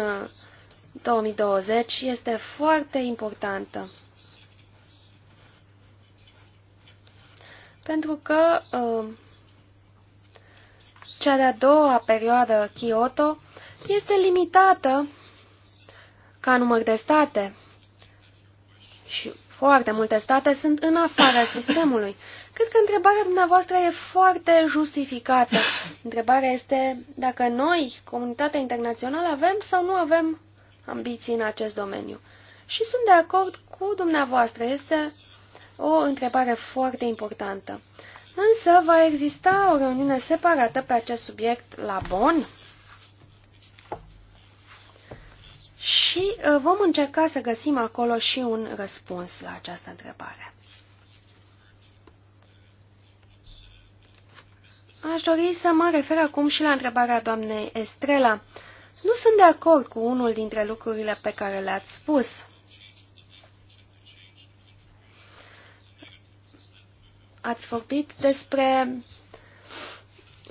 Speaker 3: 2020 uh, este foarte importantă. pentru că uh, cea de-a doua perioadă Kyoto este limitată ca număr de state și foarte multe state sunt în afara (coughs) sistemului. Cred că întrebarea dumneavoastră e foarte justificată. Întrebarea este dacă noi, comunitatea internațională, avem sau nu avem ambiții în acest domeniu. Și sunt de acord cu dumneavoastră. Este o întrebare foarte importantă. Însă va exista o reuniune separată pe acest subiect la Bonn și uh, vom încerca să găsim acolo și un răspuns la această întrebare. Aș dori să mă refer acum și la întrebarea doamnei Estrela. Nu sunt de acord cu unul dintre lucrurile pe care le-ați spus. ați vorbit despre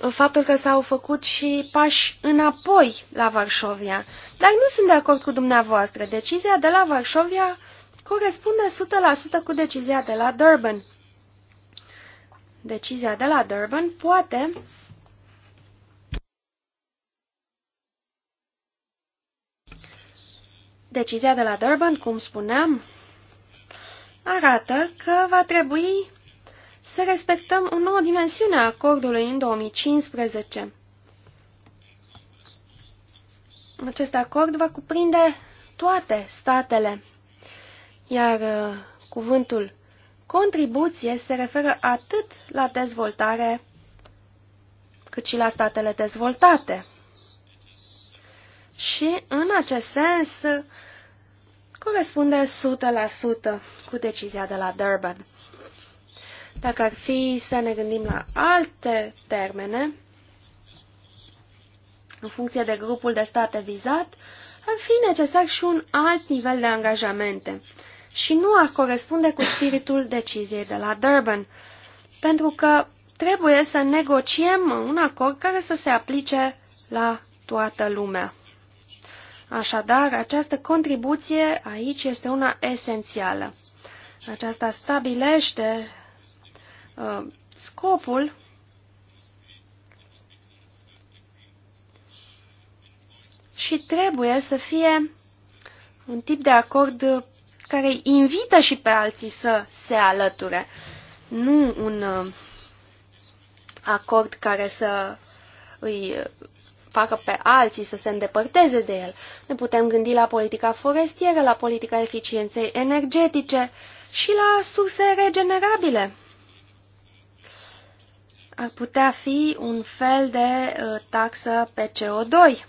Speaker 3: faptul că s-au făcut și pași înapoi la Varșovia. Dar nu sunt de acord cu dumneavoastră. Decizia de la Varșovia corespunde 100% cu decizia de la Durban. Decizia de la Durban poate Decizia de la Durban, cum spuneam, arată că va trebui să respectăm o nouă dimensiune a acordului în 2015. Acest acord va cuprinde toate statele, iar uh, cuvântul contribuție se referă atât la dezvoltare cât și la statele dezvoltate. Și, în acest sens, uh, corespunde 100% cu decizia de la Durban. Dacă ar fi să ne gândim la alte termene, în funcție de grupul de state vizat, ar fi necesar și un alt nivel de angajamente și nu ar corespunde cu spiritul deciziei de la Durban, pentru că trebuie să negociem un acord care să se aplice la toată lumea. Așadar, această contribuție aici este una esențială. Aceasta stabilește Uh, scopul și trebuie să fie un tip de acord care invită și pe alții să se alăture, nu un uh, acord care să îi facă pe alții să se îndepărteze de el. Ne putem gândi la politica forestieră, la politica eficienței energetice și la surse regenerabile ar putea fi un fel de uh, taxă pe CO2.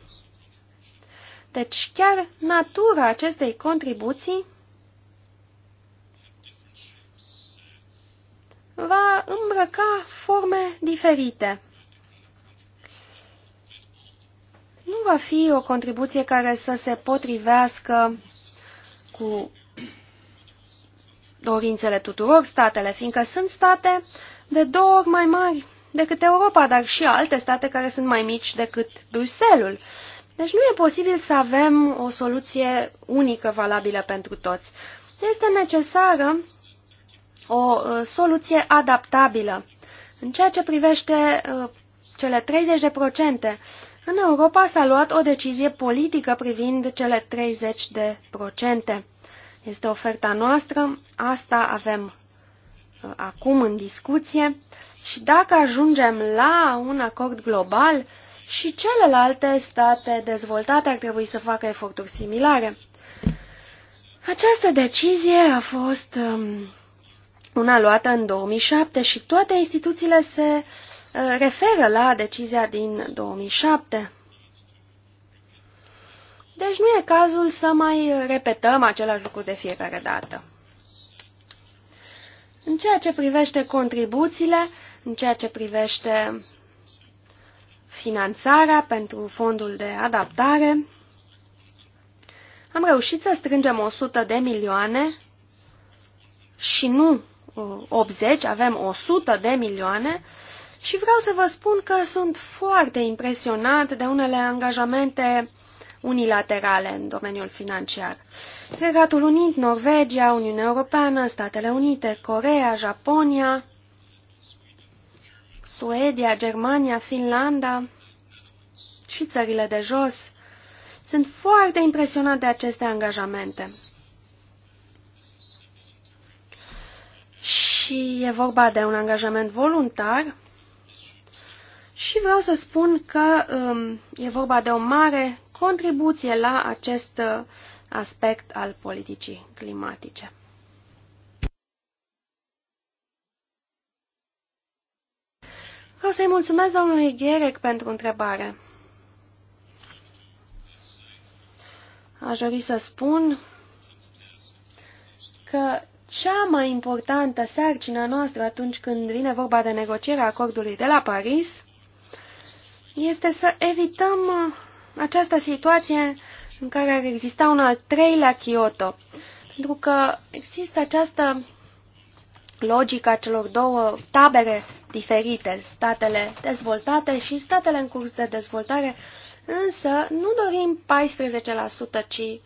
Speaker 3: Deci chiar natura acestei contribuții va îmbrăca forme diferite. Nu va fi o contribuție care să se potrivească cu dorințele tuturor statele, fiindcă sunt state de două ori mai mari decât Europa, dar și alte state care sunt mai mici decât Bruxelles. Deci nu e posibil să avem o soluție unică valabilă pentru toți. Este necesară o uh, soluție adaptabilă. În ceea ce privește uh, cele 30%, în Europa s-a luat o decizie politică privind cele 30%. Este oferta noastră, asta avem uh, acum în discuție și dacă ajungem la un acord global, și celelalte state dezvoltate ar trebui să facă eforturi similare. Această decizie a fost um, una luată în 2007 și toate instituțiile se uh, referă la decizia din 2007. Deci nu e cazul să mai repetăm același lucru de fiecare dată. În ceea ce privește contribuțiile, în ceea ce privește finanțarea pentru fondul de adaptare, am reușit să strângem 100 de milioane și nu 80, avem 100 de milioane și vreau să vă spun că sunt foarte impresionat de unele angajamente unilaterale în domeniul financiar. Regatul Unit, Norvegia, Uniunea Europeană, Statele Unite, Corea, Japonia Suedia, Germania, Finlanda și țările de jos. Sunt foarte impresionat de aceste angajamente. Și e vorba de un angajament voluntar și vreau să spun că um, e vorba de o mare contribuție la acest uh, aspect al politicii climatice. Vreau să-i mulțumesc domnului Gherec pentru întrebare. Aș dori să spun că cea mai importantă sarcina noastră atunci când vine vorba de negocierea acordului de la Paris este să evităm această situație în care ar exista un al treilea Kyoto. Pentru că există această logică a celor două tabere diferite, statele dezvoltate și statele în curs de dezvoltare, însă nu dorim 14%, ci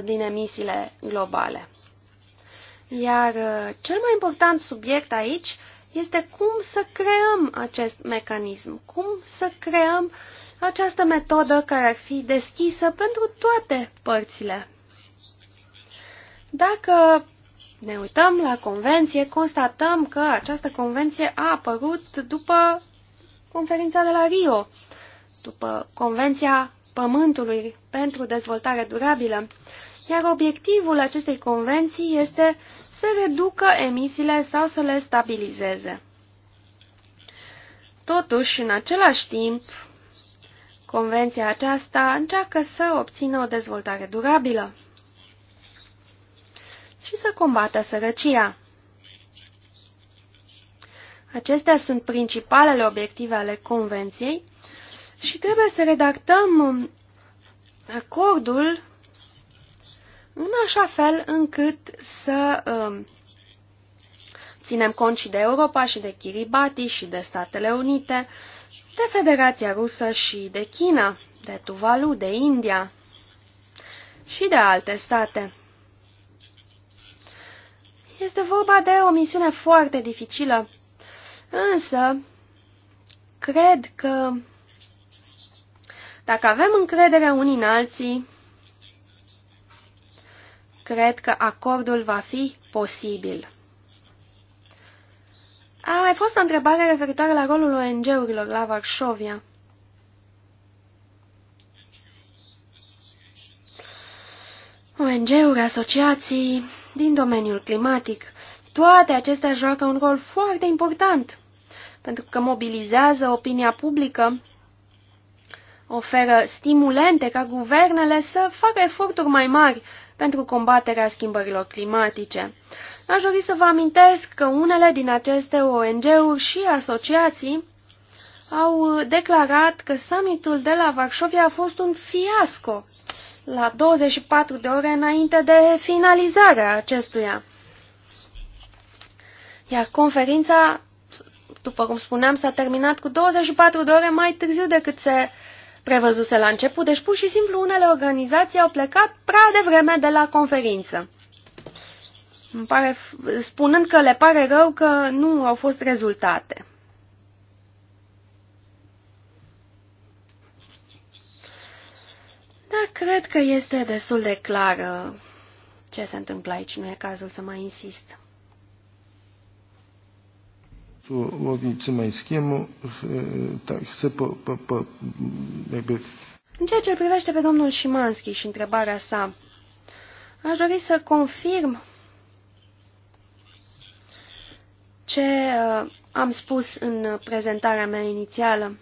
Speaker 3: 100% din emisiile globale. Iar uh, cel mai important subiect aici este cum să creăm acest mecanism, cum să creăm această metodă care ar fi deschisă pentru toate părțile. Dacă ne uităm la convenție, constatăm că această convenție a apărut după conferința de la Rio, după Convenția Pământului pentru dezvoltare durabilă, iar obiectivul acestei convenții este să reducă emisiile sau să le stabilizeze. Totuși, în același timp, convenția aceasta încearcă să obțină o dezvoltare durabilă și să combată sărăcia. Acestea sunt principalele obiective ale Convenției și trebuie să redactăm um, acordul în așa fel încât să um, ținem cont și de Europa și de Kiribati și de Statele Unite, de Federația Rusă și de China, de Tuvalu, de India și de alte state. Este vorba de o misiune foarte dificilă, însă cred că dacă avem încredere unii în alții, cred că acordul va fi posibil. A mai fost o întrebare referitoare la rolul ONG-urilor la Varșovia. ONG-uri, asociații, din domeniul climatic. Toate acestea joacă un rol foarte important, pentru că mobilizează opinia publică, oferă stimulente ca guvernele să facă eforturi mai mari pentru combaterea schimbărilor climatice. Aș dori să vă amintesc că unele din aceste ONG-uri și asociații au declarat că summitul de la Varșovia a fost un fiasco la 24 de ore înainte de finalizarea acestuia. Iar conferința, după cum spuneam, s-a terminat cu 24 de ore mai târziu decât se prevăzuse la început, deci pur și simplu unele organizații au plecat prea devreme de la conferință. Îmi pare, spunând că le pare rău că nu au fost rezultate. Da, cred că este destul de clar uh, ce se întâmplă aici. Nu e cazul să mai insist.
Speaker 1: Łowi Cymańskiemu
Speaker 3: tak, chcę po, po, po, În ceea ce îl privește pe domnul Șimanski și întrebarea sa, aș dori să confirm ce uh, am spus în prezentarea mea inițială.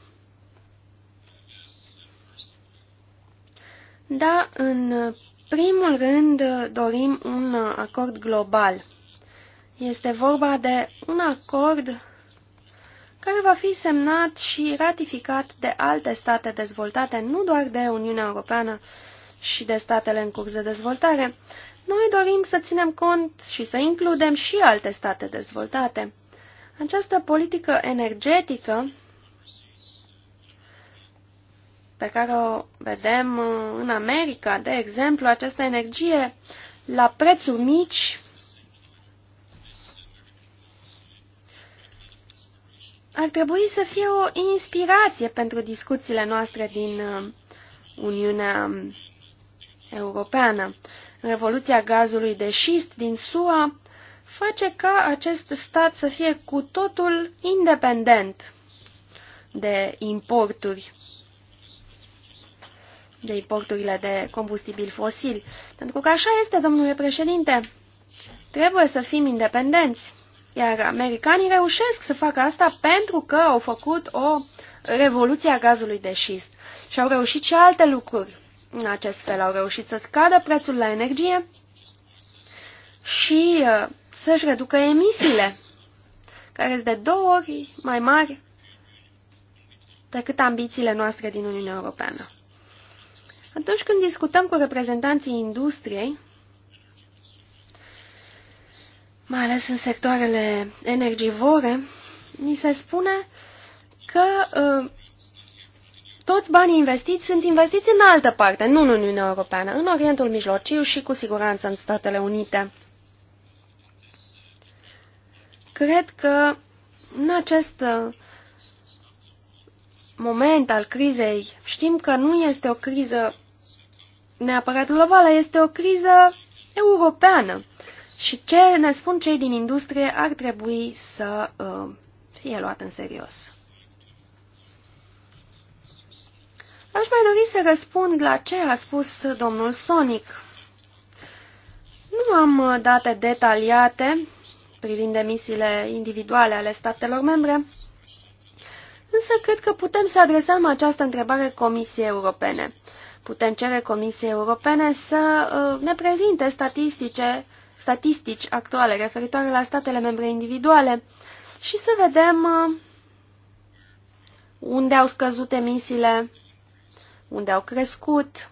Speaker 3: Da, în primul rând dorim un acord global. Este vorba de un acord care va fi semnat și ratificat de alte state dezvoltate, nu doar de Uniunea Europeană și de statele în curs de dezvoltare. Noi dorim să ținem cont și să includem și alte state dezvoltate. Această politică energetică pe care o vedem în America, de exemplu, această energie la prețuri mici ar trebui să fie o inspirație pentru discuțiile noastre din uh, Uniunea Europeană. Revoluția gazului de șist din SUA face ca acest stat să fie cu totul independent de importuri de importurile de combustibil fosil, Pentru că așa este, domnule președinte. Trebuie să fim independenți. Iar americanii reușesc să facă asta pentru că au făcut o revoluție a gazului de șist. Și au reușit și alte lucruri. În acest fel au reușit să scadă prețul la energie și uh, să-și reducă emisiile, care sunt de două ori mai mari decât ambițiile noastre din Uniunea Europeană. Atunci când discutăm cu reprezentanții industriei, mai ales în sectoarele energivore, ni se spune că uh, toți banii investiți sunt investiți în altă parte, nu în Uniunea Europeană, în Orientul Mijlociu și cu siguranță în Statele Unite. Cred că în acest uh, moment al crizei știm că nu este o criză neapărat globală, este o criză europeană. Și ce ne spun cei din industrie ar trebui să uh, fie luat în serios. Aș mai dori să răspund la ce a spus domnul Sonic. Nu am uh, date detaliate privind emisiile individuale ale statelor membre, însă cred că putem să adresăm această întrebare Comisiei Europene. Putem cere Comisiei Europene să uh, ne prezinte statistice, statistici actuale referitoare la statele membre individuale și să vedem uh, unde au scăzut emisiile, unde au crescut.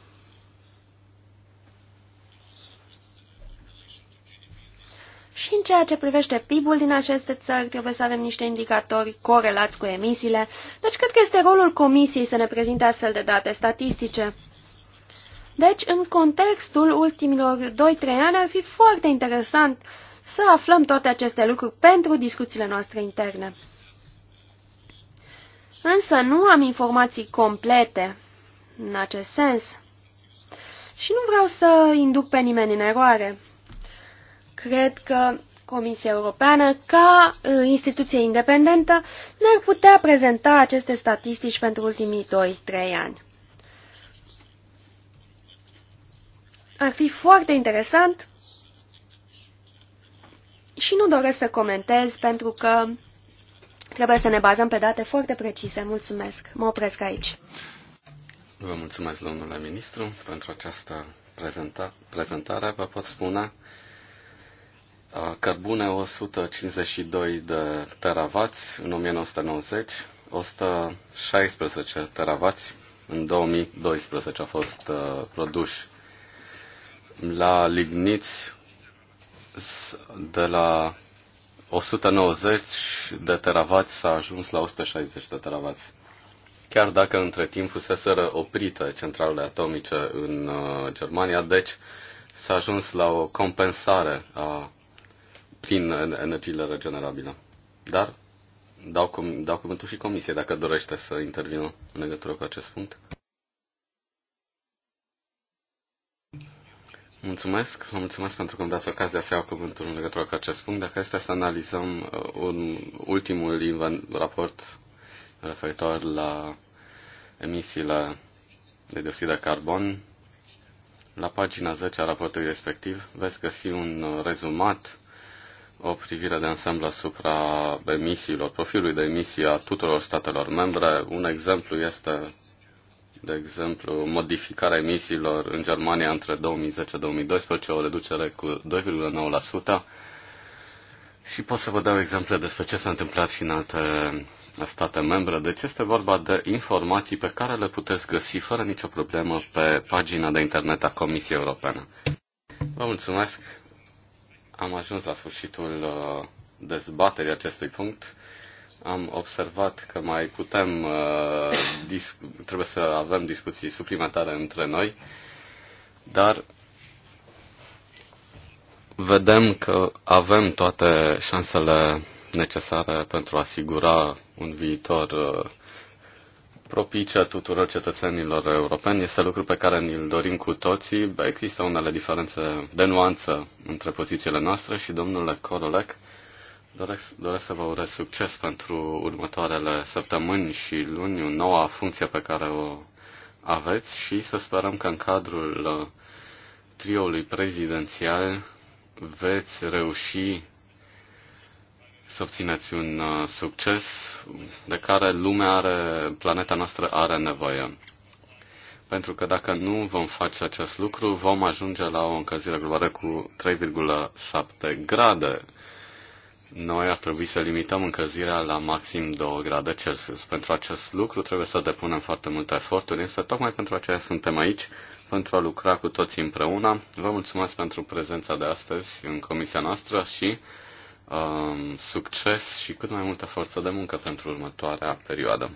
Speaker 3: Și în ceea ce privește PIB-ul din aceste țări, trebuie să avem niște indicatori corelați cu emisiile. Deci cred că este rolul Comisiei să ne prezinte astfel de date statistice. Deci, în contextul ultimilor 2-3 ani, ar fi foarte interesant să aflăm toate aceste lucruri pentru discuțiile noastre interne. Însă nu am informații complete în acest sens și nu vreau să induc pe nimeni în eroare. Cred că Comisia Europeană, ca ă, instituție independentă, ne-ar putea prezenta aceste statistici pentru ultimii 2-3 ani. Ar fi foarte interesant și nu doresc să comentez pentru că trebuie să ne bazăm pe date foarte precise. Mulțumesc. Mă opresc aici.
Speaker 1: Vă mulțumesc, domnule ministru, pentru această prezenta prezentare. Vă pot spune uh, bune 152 de teravați în 1990, 116 teravați în 2012 a fost uh, produși la ligniți de la 190 de teravați s-a ajuns la 160 de teravați. Chiar dacă între timp fuseseră oprite centralele atomice în uh, Germania, deci s-a ajuns la o compensare a, prin energiile regenerabile. Dar dau, cum, dau cuvântul și comisie dacă dorește să intervină în legătură cu acest punct. Mulțumesc, vă mulțumesc pentru că îmi dați ocazia să iau cuvântul în legătură cu acest punct. Dacă este să analizăm uh, un ultimul raport referitor la emisiile de dioxid de carbon, la pagina 10 a raportului respectiv veți găsi un rezumat, o privire de ansamblu asupra emisiilor, profilului de emisie a tuturor statelor membre. Un exemplu este de exemplu, modificarea emisiilor în Germania între 2010-2012, o reducere cu 2,9%. Și pot să vă dau exemple despre ce s-a întâmplat și în alte state membre. Deci este vorba de informații pe care le puteți găsi fără nicio problemă pe pagina de internet a Comisiei Europene. Vă mulțumesc! Am ajuns la sfârșitul uh, dezbaterii acestui punct. Am observat că mai putem, uh, trebuie să avem discuții suplimentare între noi, dar vedem că avem toate șansele necesare pentru a asigura un viitor uh, propice tuturor cetățenilor europeni. Este lucru pe care ni-l dorim cu toții. Există unele diferențe de nuanță între pozițiile noastre și domnule Corolec. Doresc, doresc să vă urez succes pentru următoarele săptămâni și luni, noua funcție pe care o aveți și să sperăm că în cadrul uh, trioului prezidențial veți reuși să obțineți un uh, succes de care lumea are, planeta noastră are nevoie. Pentru că dacă nu vom face acest lucru, vom ajunge la o încălzire globală cu 3,7 grade noi ar trebui să limităm încălzirea la maxim 2 grade Celsius. Pentru acest lucru trebuie să depunem foarte multe eforturi, însă tocmai pentru aceea suntem aici, pentru a lucra cu toți împreună. Vă mulțumesc pentru prezența de astăzi în comisia noastră și um, succes și cât mai multă forță de muncă pentru următoarea perioadă.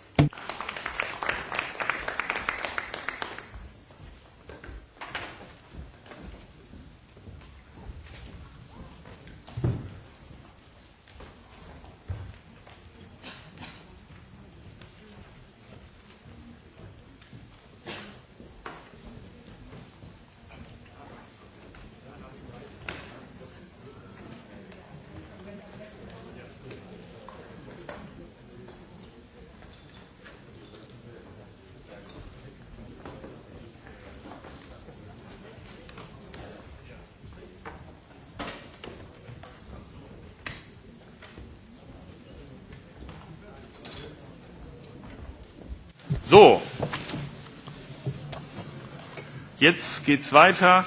Speaker 1: geht's weiter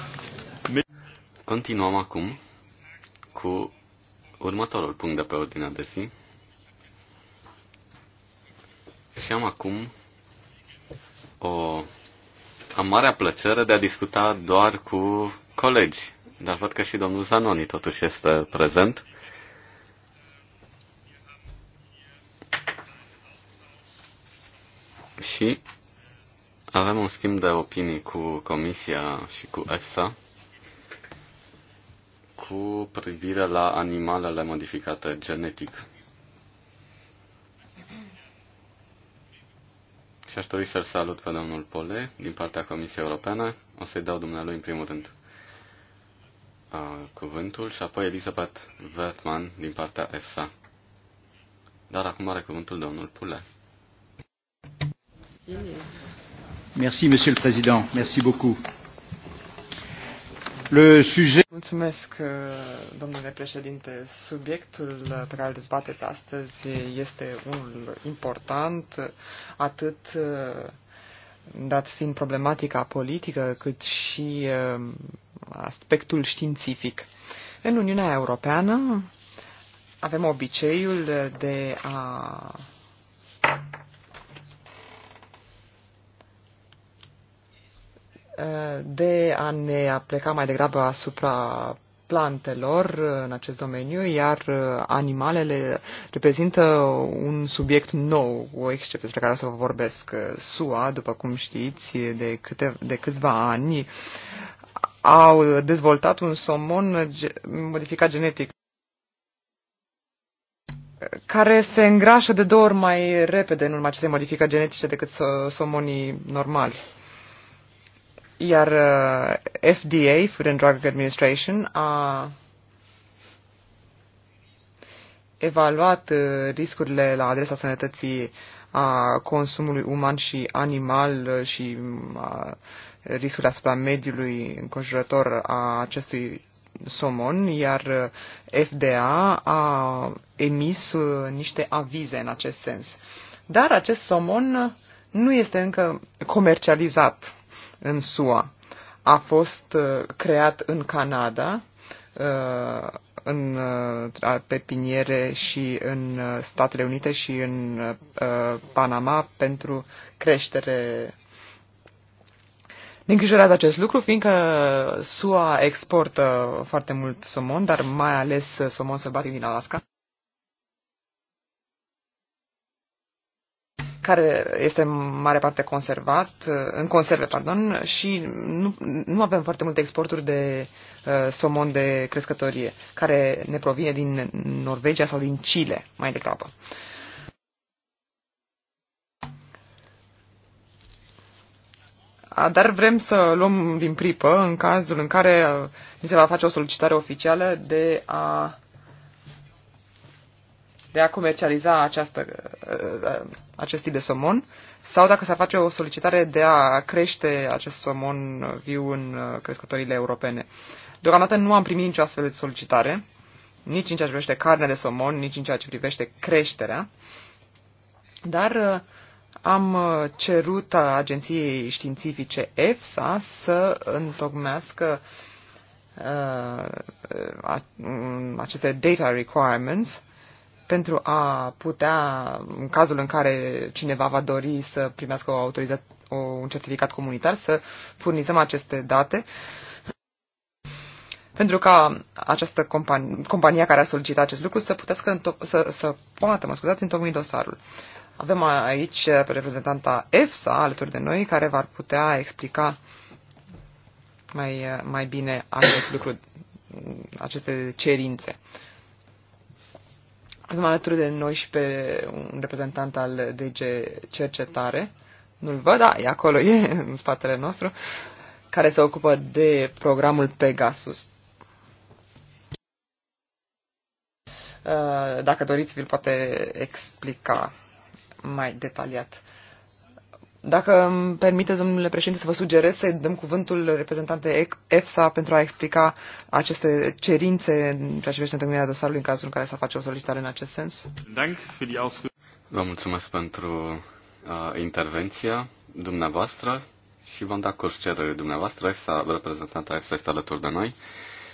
Speaker 1: mit Continuăm acum cu următorul punct de pe ordinea de zi. Și am acum o am marea plăcere de a discuta doar cu colegi, dar văd că și domnul Zanoni totuși este prezent. schimb de opinii cu Comisia și cu EFSA cu privire la animalele modificate genetic. Și aș dori să-l salut pe domnul Pole din partea Comisiei Europene. O să-i dau dumnealui în primul rând cuvântul și apoi Elisabeth Vertman din partea EFSA. Dar acum are cuvântul domnul Pule.
Speaker 3: Monsieur le Président. Merci beaucoup. Le sujet...
Speaker 2: Mulțumesc, uh, domnule președinte. Subiectul pe care îl dezbateți astăzi este unul important, atât uh, dat fiind problematica politică, cât și uh, aspectul științific. În Uniunea Europeană avem obiceiul de a de a ne pleca mai degrabă asupra plantelor în acest domeniu, iar animalele reprezintă un subiect nou, o excepție despre care o să vă vorbesc. SUA, după cum știți, de, câte, de câțiva ani au dezvoltat un somon ge modificat genetic care se îngrașă de două ori mai repede în urma acestei modificări genetice decât somonii normali. Iar uh, FDA, Food and Drug Administration, a evaluat uh, riscurile la adresa sănătății a consumului uman și animal uh, și mm, a riscul asupra mediului înconjurător a acestui somon, iar FDA a emis niște avize în acest sens. Dar acest somon nu este încă comercializat în SUA. A fost uh, creat în Canada, uh, în, uh, pepiniere și în Statele Unite și în Panama pentru creștere ne îngrijorează acest lucru, fiindcă SUA exportă foarte mult somon, dar mai ales somon sălbatic din Alaska. care este în mare parte conservat, în conserve, pardon, și nu, nu avem foarte multe exporturi de uh, somon de crescătorie, care ne provine din Norvegia sau din Chile, mai degrabă. Dar vrem să luăm din pripă în cazul în care ni se va face o solicitare oficială de a uh, de a comercializa această, uh, acest tip de somon sau dacă se face o solicitare de a crește acest somon viu în uh, crescătorile europene. Deocamdată nu am primit nicio astfel de solicitare, nici în ceea ce privește carne de somon, nici în ceea ce privește creșterea, dar uh, am cerut agenției științifice EFSA să întocmească uh, aceste data requirements pentru a putea, în cazul în care cineva va dori să primească o autorizat, o, un certificat comunitar, să furnizăm aceste date. Pentru ca această companie, compania care a solicitat acest lucru să, putească, să, să poată, mă scuzați, întocmi dosarul. Avem aici reprezentanta EFSA alături de noi, care va putea explica mai, mai bine acest lucru, aceste cerințe. Avem alături de noi și pe un reprezentant al DG Cercetare. Nu-l văd, da, e acolo, e (laughs) în spatele nostru, care se ocupă de programul Pegasus. Uh, dacă doriți, vi-l poate explica mai detaliat. Dacă îmi permite, domnule președinte, să vă sugerez să dăm cuvântul reprezentantei EFSA pentru a explica aceste cerințe în ceea ce privește întâlnirea dosarului în cazul în care s-a face o solicitare în acest sens.
Speaker 1: Vă mulțumesc pentru uh, intervenția dumneavoastră și vom da curs cererii dumneavoastră. EFSA, reprezentanta EFSA este alături de noi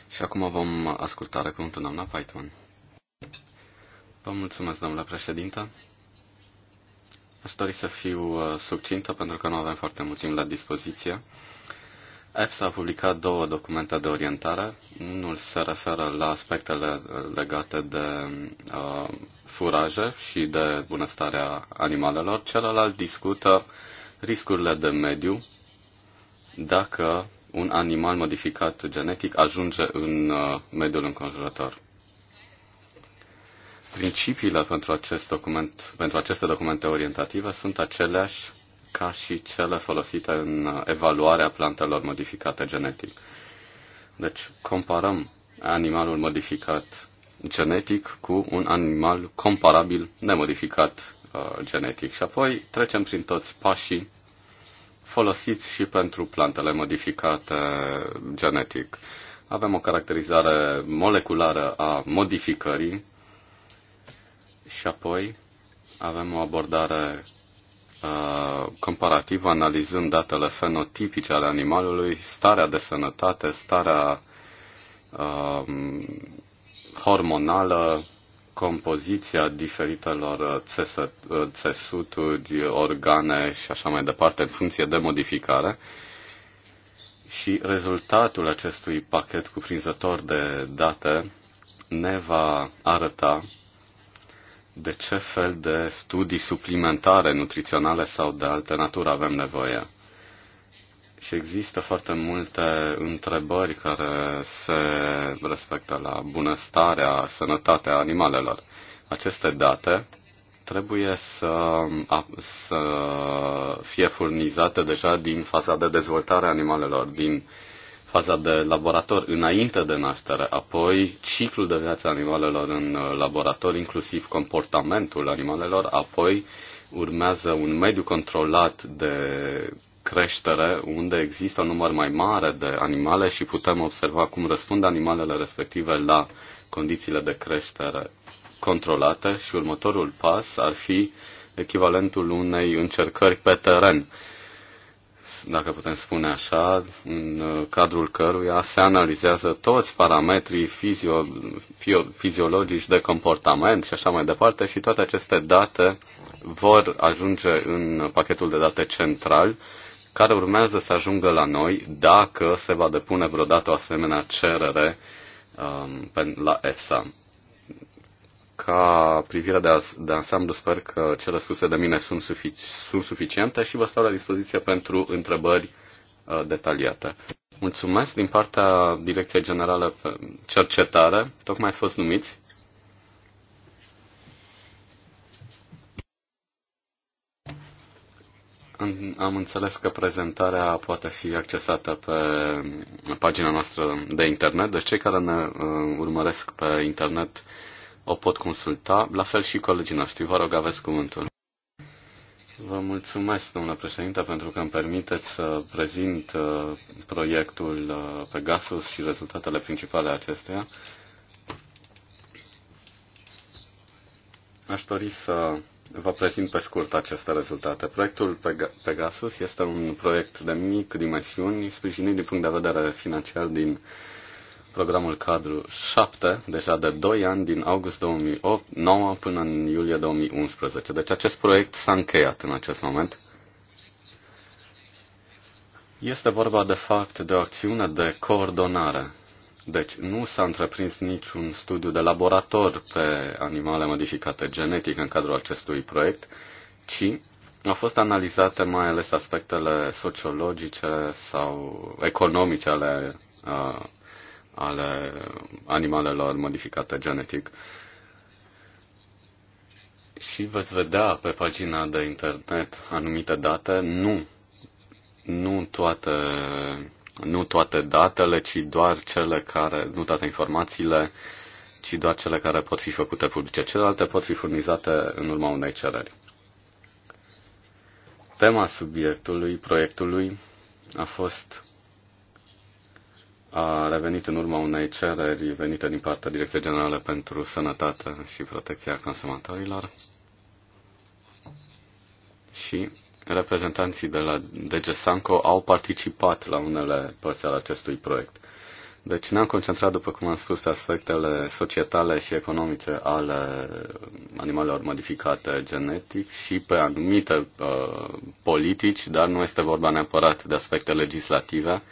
Speaker 1: și acum vom asculta recuvântul doamna Python. Vă mulțumesc, domnule președinte. Aș dori să fiu uh, succintă pentru că nu avem foarte mult timp la dispoziție. EFSA a publicat două documente de orientare. Unul se referă la aspectele uh, legate de uh, furaje și de bunăstarea animalelor. Celălalt discută riscurile de mediu dacă un animal modificat genetic ajunge în uh, mediul înconjurător. Principiile pentru, acest document, pentru aceste documente orientative sunt aceleași ca și cele folosite în evaluarea plantelor modificate genetic. Deci comparăm animalul modificat genetic cu un animal comparabil nemodificat uh, genetic și apoi trecem prin toți pașii folosiți și pentru plantele modificate genetic. Avem o caracterizare moleculară a modificării și apoi avem o abordare uh, comparativă, analizând datele fenotipice ale animalului, starea de sănătate, starea uh, hormonală, compoziția diferitelor țesuturi, organe și așa mai departe, în funcție de modificare. Și rezultatul acestui pachet cuprinzător de date ne va arăta de ce fel de studii suplimentare nutriționale sau de altă natură avem nevoie. Și există foarte multe întrebări care se respectă la bunăstarea, sănătatea animalelor. Aceste date trebuie să, să fie furnizate deja din faza de dezvoltare a animalelor, din uh, faza de laborator înainte de naștere, apoi ciclul de viață animalelor în uh, laborator, inclusiv comportamentul animalelor, apoi urmează un mediu controlat de creștere unde există un număr mai mare de animale și putem observa cum răspund animalele respective la condițiile de creștere controlate și următorul pas ar fi echivalentul unei încercări pe teren dacă putem spune așa, în uh, cadrul căruia se analizează toți parametrii fizio, fio, fiziologici de comportament și așa mai departe și toate aceste date vor ajunge în pachetul de date central care urmează să ajungă la noi dacă se va depune vreodată o asemenea cerere um, la EFSA ca privire de, as, de ansamblu, sper că cele spuse de mine sunt, sufic, sunt suficiente și vă stau la dispoziție pentru întrebări uh, detaliate. Mulțumesc din partea Direcției Generale pe Cercetare. Tocmai ați fost numiți. Am înțeles că prezentarea poate fi accesată pe pagina noastră de internet, deci cei care ne uh, urmăresc pe internet o pot consulta, la fel și colegii noștri. Vă rog, aveți cuvântul. Vă mulțumesc, domnule președinte, pentru că îmi permiteți să prezint uh, proiectul uh, Pegasus și rezultatele principale acesteia. Aș dori să vă prezint pe scurt aceste rezultate. Proiectul Pegasus este un proiect de mic dimensiuni, sprijinit din punct de vedere financiar din programul cadru 7, deja de 2 ani, din august 2008, 9 până în iulie 2011. Deci acest proiect s-a încheiat în acest moment. Este vorba de fapt de o acțiune de coordonare. Deci nu s-a întreprins niciun studiu de laborator pe animale modificate genetic în cadrul acestui proiect, ci au fost analizate mai ales aspectele sociologice sau economice ale uh, ale animalelor modificate genetic. Și veți vedea pe pagina de internet anumite date, nu, nu toate nu toate datele, ci doar cele care, nu toate informațiile, ci doar cele care pot fi făcute publice. Celelalte pot fi furnizate în urma unei cereri. Tema subiectului, proiectului, a fost a revenit în urma unei cereri venite din partea Direcției Generale pentru Sănătate și Protecția Consumatorilor și reprezentanții de la DG Sanco au participat la unele părți ale acestui proiect. Deci ne-am concentrat, după cum am spus, pe aspectele societale și economice ale animalelor modificate genetic și pe anumite uh, politici, dar nu este vorba neapărat de aspecte legislative,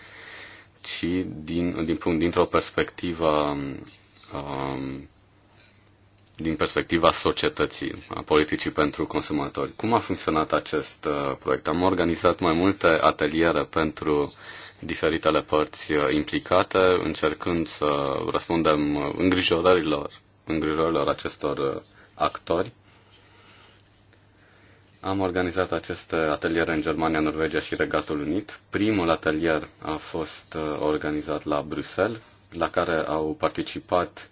Speaker 1: ci din, din punct, dintr-o perspectivă um, din perspectiva societății, a politicii pentru consumatori. Cum a funcționat acest uh, proiect? Am organizat mai multe ateliere pentru diferitele părți uh, implicate, încercând să răspundem îngrijorărilor, îngrijorărilor acestor uh, actori am organizat aceste uh, ateliere în Germania, Norvegia și Regatul Unit. Primul atelier a fost uh, organizat la Bruxelles, la care au participat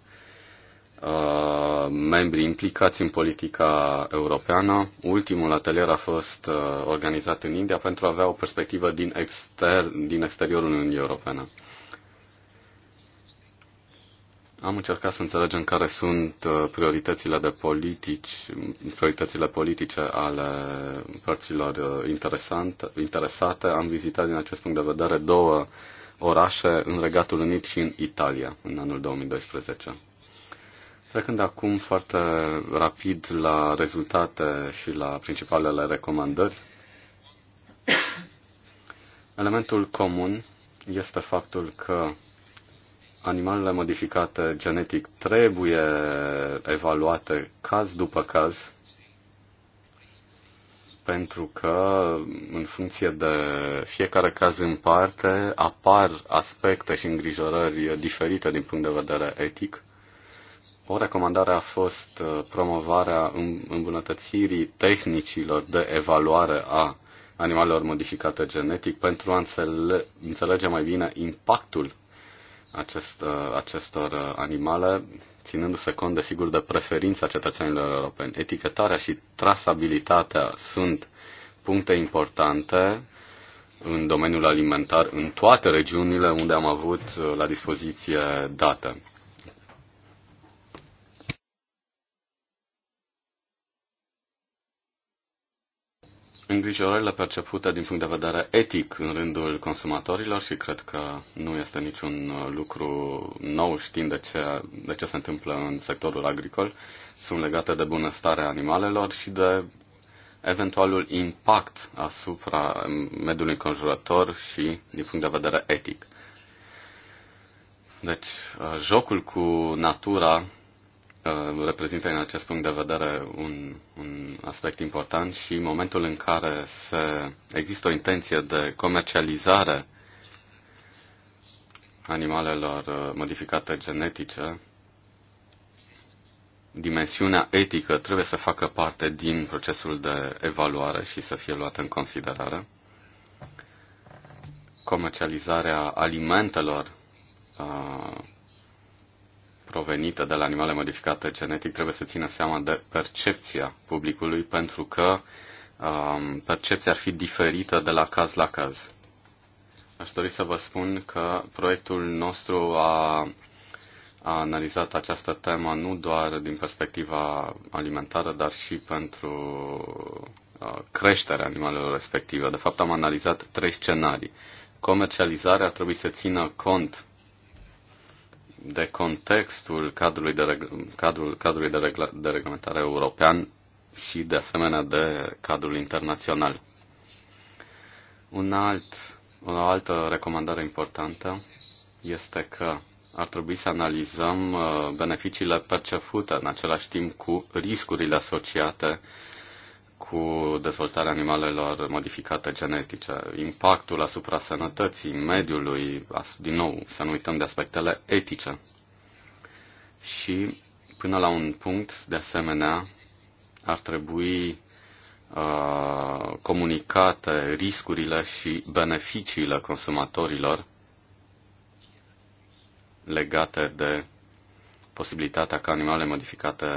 Speaker 1: uh, membrii implicați în politica europeană. Ultimul atelier a fost uh, organizat în India pentru a avea o perspectivă din, exter- din exteriorul Uniunii Europene. Am încercat să înțelegem care sunt uh, prioritățile de politici, prioritățile politice ale părților uh, interesate. Am vizitat din acest punct de vedere două orașe în Regatul Unit și în Italia în anul 2012. Trecând acum foarte rapid la rezultate și la principalele recomandări, (coughs) elementul comun este faptul că animalele modificate genetic trebuie evaluate caz după caz, pentru că în funcție de fiecare caz în parte apar aspecte și îngrijorări diferite din punct de vedere etic. O recomandare a fost uh, promovarea îmbunătățirii tehnicilor de evaluare a animalelor modificate genetic pentru a înțele- înțelege mai bine impactul acest, uh, acestor uh, animale, ținându-se cont, desigur, de preferința cetățenilor europeni. Etichetarea și trasabilitatea sunt puncte importante în domeniul alimentar în toate regiunile unde am avut uh, la dispoziție date. îngrijorările percepute din punct de vedere etic în rândul consumatorilor și cred că nu este niciun lucru nou știind de ce, de ce se întâmplă în sectorul agricol, sunt legate de bunăstarea animalelor și de eventualul impact asupra mediului înconjurător și din punct de vedere etic. Deci, jocul cu natura Uh, reprezintă în acest punct de vedere un, un aspect important și în momentul în care se, există o intenție de comercializare animalelor uh, modificate genetice, dimensiunea etică trebuie să facă parte din procesul de evaluare și să fie luată în considerare. Comercializarea alimentelor uh, provenită de la animale modificate genetic trebuie să țină seama de percepția publicului, pentru că um, percepția ar fi diferită de la caz la caz. Aș dori să vă spun că proiectul nostru a, a analizat această temă nu doar din perspectiva alimentară, dar și pentru uh, creșterea animalelor respective. De fapt, am analizat trei scenarii. Comercializarea trebuie să țină cont de contextul cadrului de, reg- cadrul, cadrului de, regla- de reglementare european și, de asemenea, de cadrul internațional. Un alt, o altă recomandare importantă este că ar trebui să analizăm uh, beneficiile percepute în același timp cu riscurile asociate cu dezvoltarea animalelor modificate genetice, impactul asupra sănătății, mediului, din nou, să nu uităm de aspectele etice. Și până la un punct, de asemenea, ar trebui uh, comunicate riscurile și beneficiile consumatorilor legate de posibilitatea ca animale modificate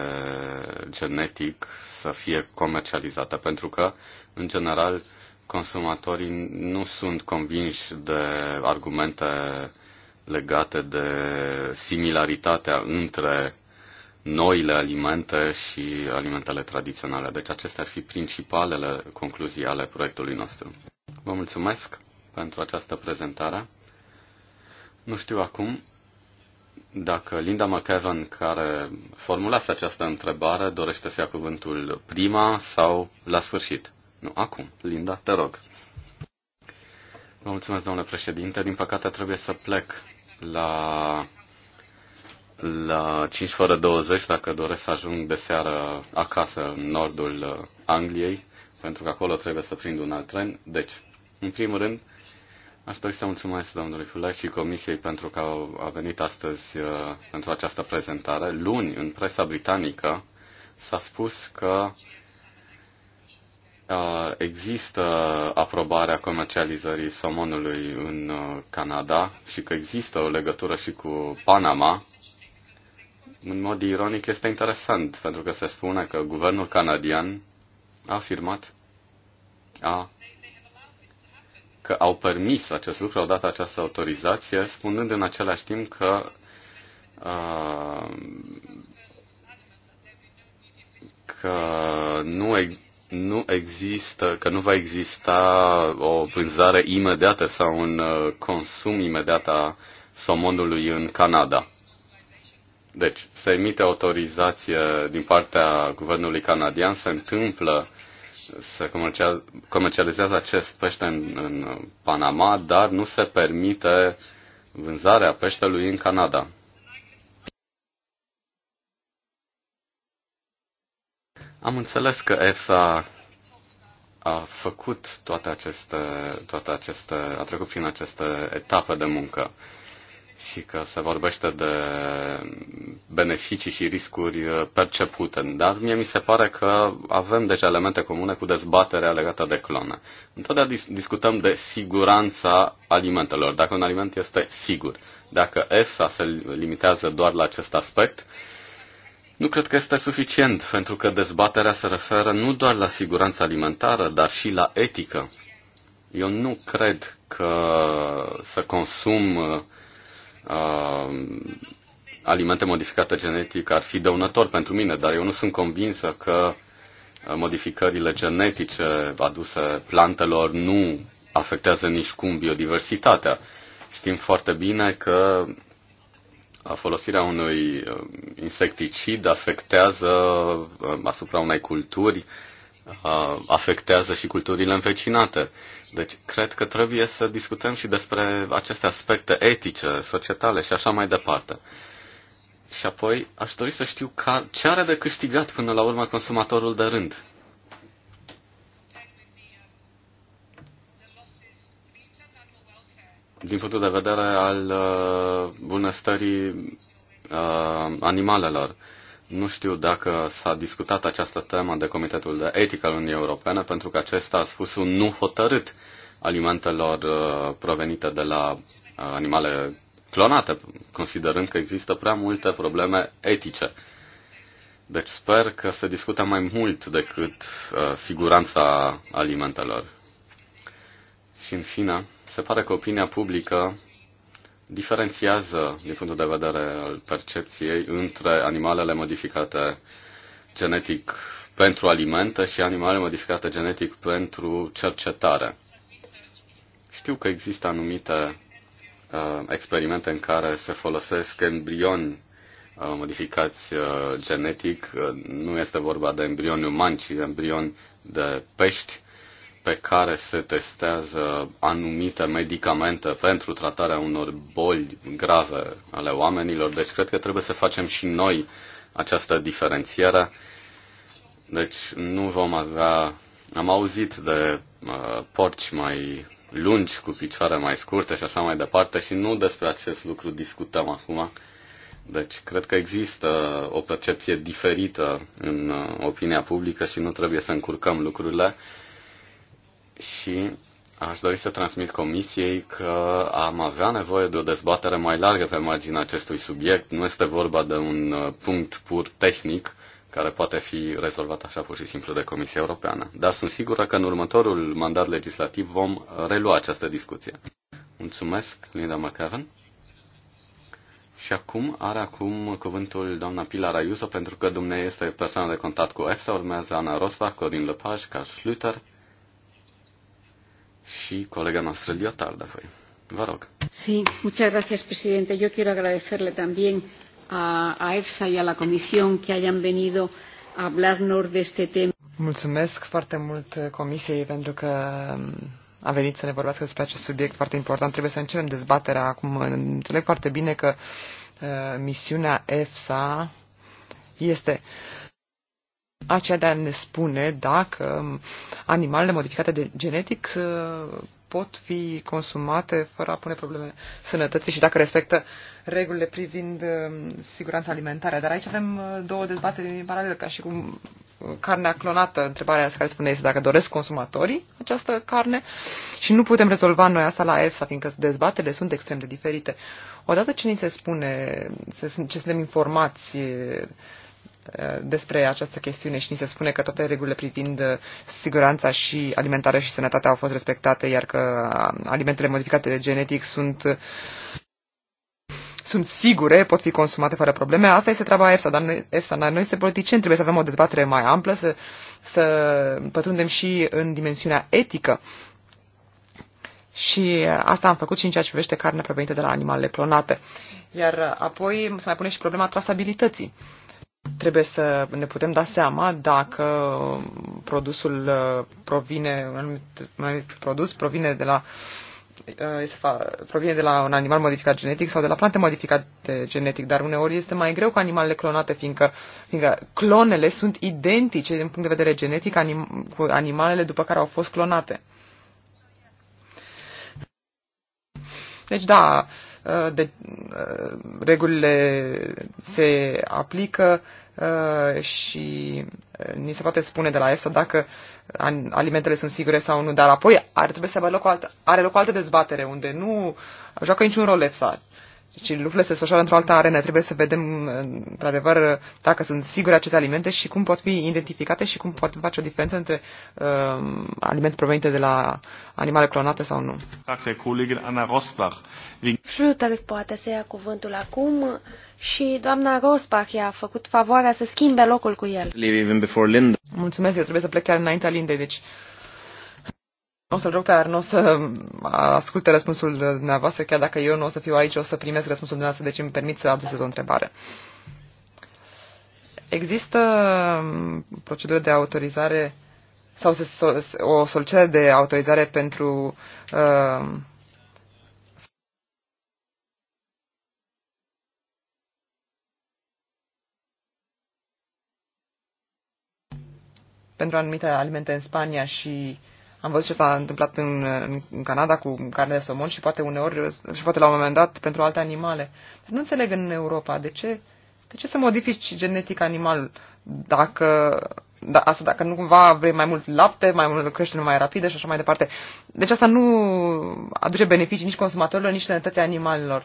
Speaker 1: genetic să fie comercializate, pentru că, în general, consumatorii nu sunt convinși de argumente legate de similaritatea între noile alimente și alimentele tradiționale. Deci acestea ar fi principalele concluzii ale proiectului nostru. Vă mulțumesc pentru această prezentare. Nu știu acum dacă Linda McEvan, care formulase această întrebare, dorește să ia cuvântul prima sau la sfârșit? Nu, acum. Linda, te rog. Vă mulțumesc, domnule președinte. Din păcate trebuie să plec la, la 5 fără 20 dacă doresc să ajung de seară acasă în nordul Angliei, pentru că acolo trebuie să prind un alt tren. Deci, în primul rând, Aș dori să mulțumesc domnului Fulai și Comisiei pentru că a venit astăzi uh, pentru această prezentare. Luni, în presa britanică, s-a spus că uh, există aprobarea comercializării somonului în uh, Canada și că există o legătură și cu Panama. În mod ironic este interesant, pentru că se spune că guvernul canadian a afirmat, a că au permis acest lucru, au dat această autorizație, spunând în același timp că uh, că nu, nu există, că nu va exista o vânzare imediată sau un uh, consum imediat a somonului în Canada. Deci, se emite autorizație din partea guvernului canadian, se întâmplă se comercializează acest pește în, în Panama, dar nu se permite vânzarea peștelui în Canada. Am înțeles că EFSA a făcut toate aceste, toate aceste, a trecut prin aceste etape de muncă și că se vorbește de beneficii și riscuri percepute, dar mie mi se pare că avem deja elemente comune cu dezbaterea legată de clone. Întotdeauna dis- discutăm de siguranța alimentelor, dacă un aliment este sigur. Dacă EFSA se limitează doar la acest aspect, nu cred că este suficient, pentru că dezbaterea se referă nu doar la siguranța alimentară, dar și la etică. Eu nu cred că să consum uh, alimente modificate genetic ar fi dăunător pentru mine, dar eu nu sunt convinsă că uh, modificările genetice aduse plantelor nu afectează nici cum biodiversitatea. Știm foarte bine că uh, folosirea unui uh, insecticid afectează asupra unei culturi afectează și culturile învecinate. Deci, cred că trebuie să discutăm și despre aceste aspecte etice, societale și așa mai departe. Și apoi, aș dori să știu ca, ce are de câștigat până la urmă consumatorul de rând. Din punctul de vedere al uh, bunăstării uh, animalelor. Uh, nu știu dacă s-a discutat această temă de Comitetul de Etică al Uniunii Europene, pentru că acesta a spus un nu hotărât alimentelor uh, provenite de la uh, animale clonate, considerând că există prea multe probleme etice. Deci sper că se discută mai mult decât uh, siguranța alimentelor. Și în fine, se pare că opinia publică diferențiază, din punctul de vedere al percepției, între animalele modificate genetic pentru alimente și animale modificate genetic pentru cercetare. Știu că există anumite uh, experimente în care se folosesc embrioni uh, modificați uh, genetic. Uh, nu este vorba de embrioni umani, ci de embrioni de pești pe care se testează anumite medicamente pentru tratarea unor boli grave ale oamenilor, deci cred că trebuie să facem și noi această diferențiere. Deci nu vom avea. Am auzit de uh, porci mai lungi, cu picioare mai scurte și așa mai departe și nu despre acest lucru discutăm acum. Deci cred că există o percepție diferită în uh, opinia publică și nu trebuie să încurcăm lucrurile și aș dori să transmit comisiei că am avea nevoie de o dezbatere mai largă pe marginea acestui subiect. Nu este vorba de un uh, punct pur tehnic care poate fi rezolvat așa pur și simplu de Comisia Europeană. Dar sunt sigură că în următorul mandat legislativ vom relua această discuție. Mulțumesc, Linda McCarran. Și acum are acum cuvântul doamna Pilar Ayuso, pentru că dumneavoastră este persoana de contact cu EFSA, urmează Ana Rosbach, Corin Lepaj, Carl Schlüter, și colega noastră Liotar, de Vă rog.
Speaker 3: Sí, muchas gracias, presidente. Yo quiero agradecerle también a, a EFSA y a la Comisión que hayan venido
Speaker 2: a hablarnos de este tema. Mulțumesc foarte mult Comisiei pentru că um, a venit să ne vorbească despre acest subiect foarte important. Trebuie să începem dezbaterea acum. Înțeleg foarte bine că uh, misiunea EFSA este uh, aceea de a ne spune dacă animalele modificate de genetic uh, pot fi consumate fără a pune probleme sănătății și dacă respectă regulile privind uh, siguranța alimentară. Dar aici avem uh, două dezbateri în paralel, ca și cum carnea clonată, întrebarea care spune este dacă doresc consumatorii această carne și nu putem rezolva noi asta la EFSA, fiindcă dezbaterile sunt extrem de diferite. Odată ce ni se spune, ce suntem informați Uh, despre această chestiune și ni se spune că toate regulile privind uh, siguranța și alimentarea și sănătatea au fost respectate, iar că uh, alimentele modificate genetic sunt sunt sigure, pot fi consumate fără probleme. Asta este treaba EFSA, dar noi, EFSA, noi se politicieni trebuie să avem o dezbatere mai amplă, să, să pătrundem și în dimensiunea etică. Și asta am făcut și în ceea ce privește carnea provenită de la animalele clonate. Iar apoi se mai pune și problema trasabilității. Uh, Trebuie să ne putem da seama dacă produsul uh, provine, un anumit, un anumit produs provine de la uh, provine de la un animal modificat genetic sau de la plante modificate genetic, dar uneori este mai greu cu animalele clonate, fiindcă, fiindcă clonele sunt identice din punct de vedere genetic anim, cu animalele după care au fost clonate. Deci da, Uh, de, uh, regulile se aplică uh, și ni se poate spune de la EFSA dacă alimentele sunt sigure sau nu, dar apoi ar trebui să aibă loc o altă, are loc o altă dezbatere unde nu joacă niciun rol EFSA, deci lucrurile se desfășoară într-o altă arenă. Trebuie să vedem, într-adevăr, dacă sunt sigure aceste alimente și cum pot fi identificate și cum pot face o diferență între uh, alimente provenite de la animale clonate sau nu. Schröter poate
Speaker 3: să ia cuvântul acum și doamna Rosbach i-a făcut favoarea să schimbe locul
Speaker 2: cu el. Mulțumesc, eu trebuie să plec chiar înaintea Lindei, deci uh, o să-l rog pe Arno să um, asculte răspunsul dumneavoastră, chiar dacă eu nu o să fiu aici, o să primesc răspunsul dumneavoastră, deci îmi permit să adresez o întrebare. Există um, procedură de autorizare sau o solicitare de autorizare pentru uh, pentru anumite alimente în Spania și uh, am văzut ce s-a întâmplat în, în Canada cu carne de somon și poate uneori, și poate la un moment dat, pentru alte animale. Dar nu înțeleg în Europa de ce, de ce să modifici genetic animal dacă da, asta dacă nu cumva vrei mai mult lapte, mai mult creștere mai rapidă și așa mai departe. Deci asta nu aduce beneficii nici consumatorilor, nici sănătății animalelor.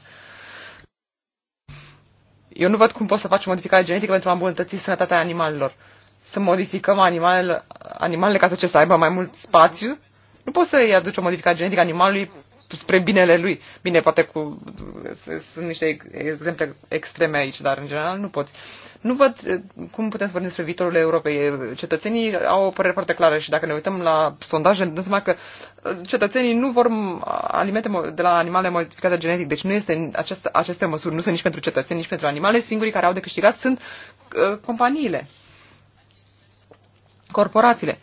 Speaker 2: Eu nu văd cum poți să faci modificare genetică pentru a îmbunătăți sănătatea animalelor. Uh, să modificăm animalele, animalele ca să ce să aibă mai mult spațiu. Nu poți să îi aduci o modificare genetică animalului spre binele lui. Bine, poate cu, sunt niște exemple extreme aici, dar în general nu poți. Nu văd eh, cum putem să vorbim despre viitorul Europei. Eh, cetățenii au o părere foarte clară și dacă ne uităm la sondaje, ne dăm seama că eh, cetățenii nu vor alimente de la animale modificate genetic. Deci nu este aceste, aceste măsuri nu sunt nici pentru cetățeni, nici pentru animale. Singurii care au de câștigat sunt uh, companiile corporațiile,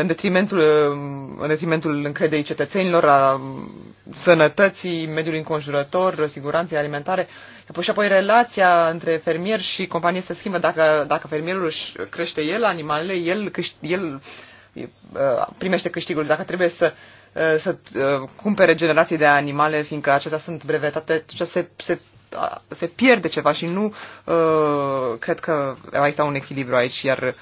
Speaker 2: în detrimentul, în detrimentul încrederii cetățenilor, a sănătății, mediului înconjurător, siguranței alimentare. Apoi și apoi relația între fermier și companie se schimbă. Dacă, dacă fermierul își crește el animalele, el, el primește câștigul. Dacă trebuie să să cumpere generații de animale, fiindcă acestea sunt brevetate, se, se se pierde ceva și nu uh, cred că va exista un echilibru aici, iar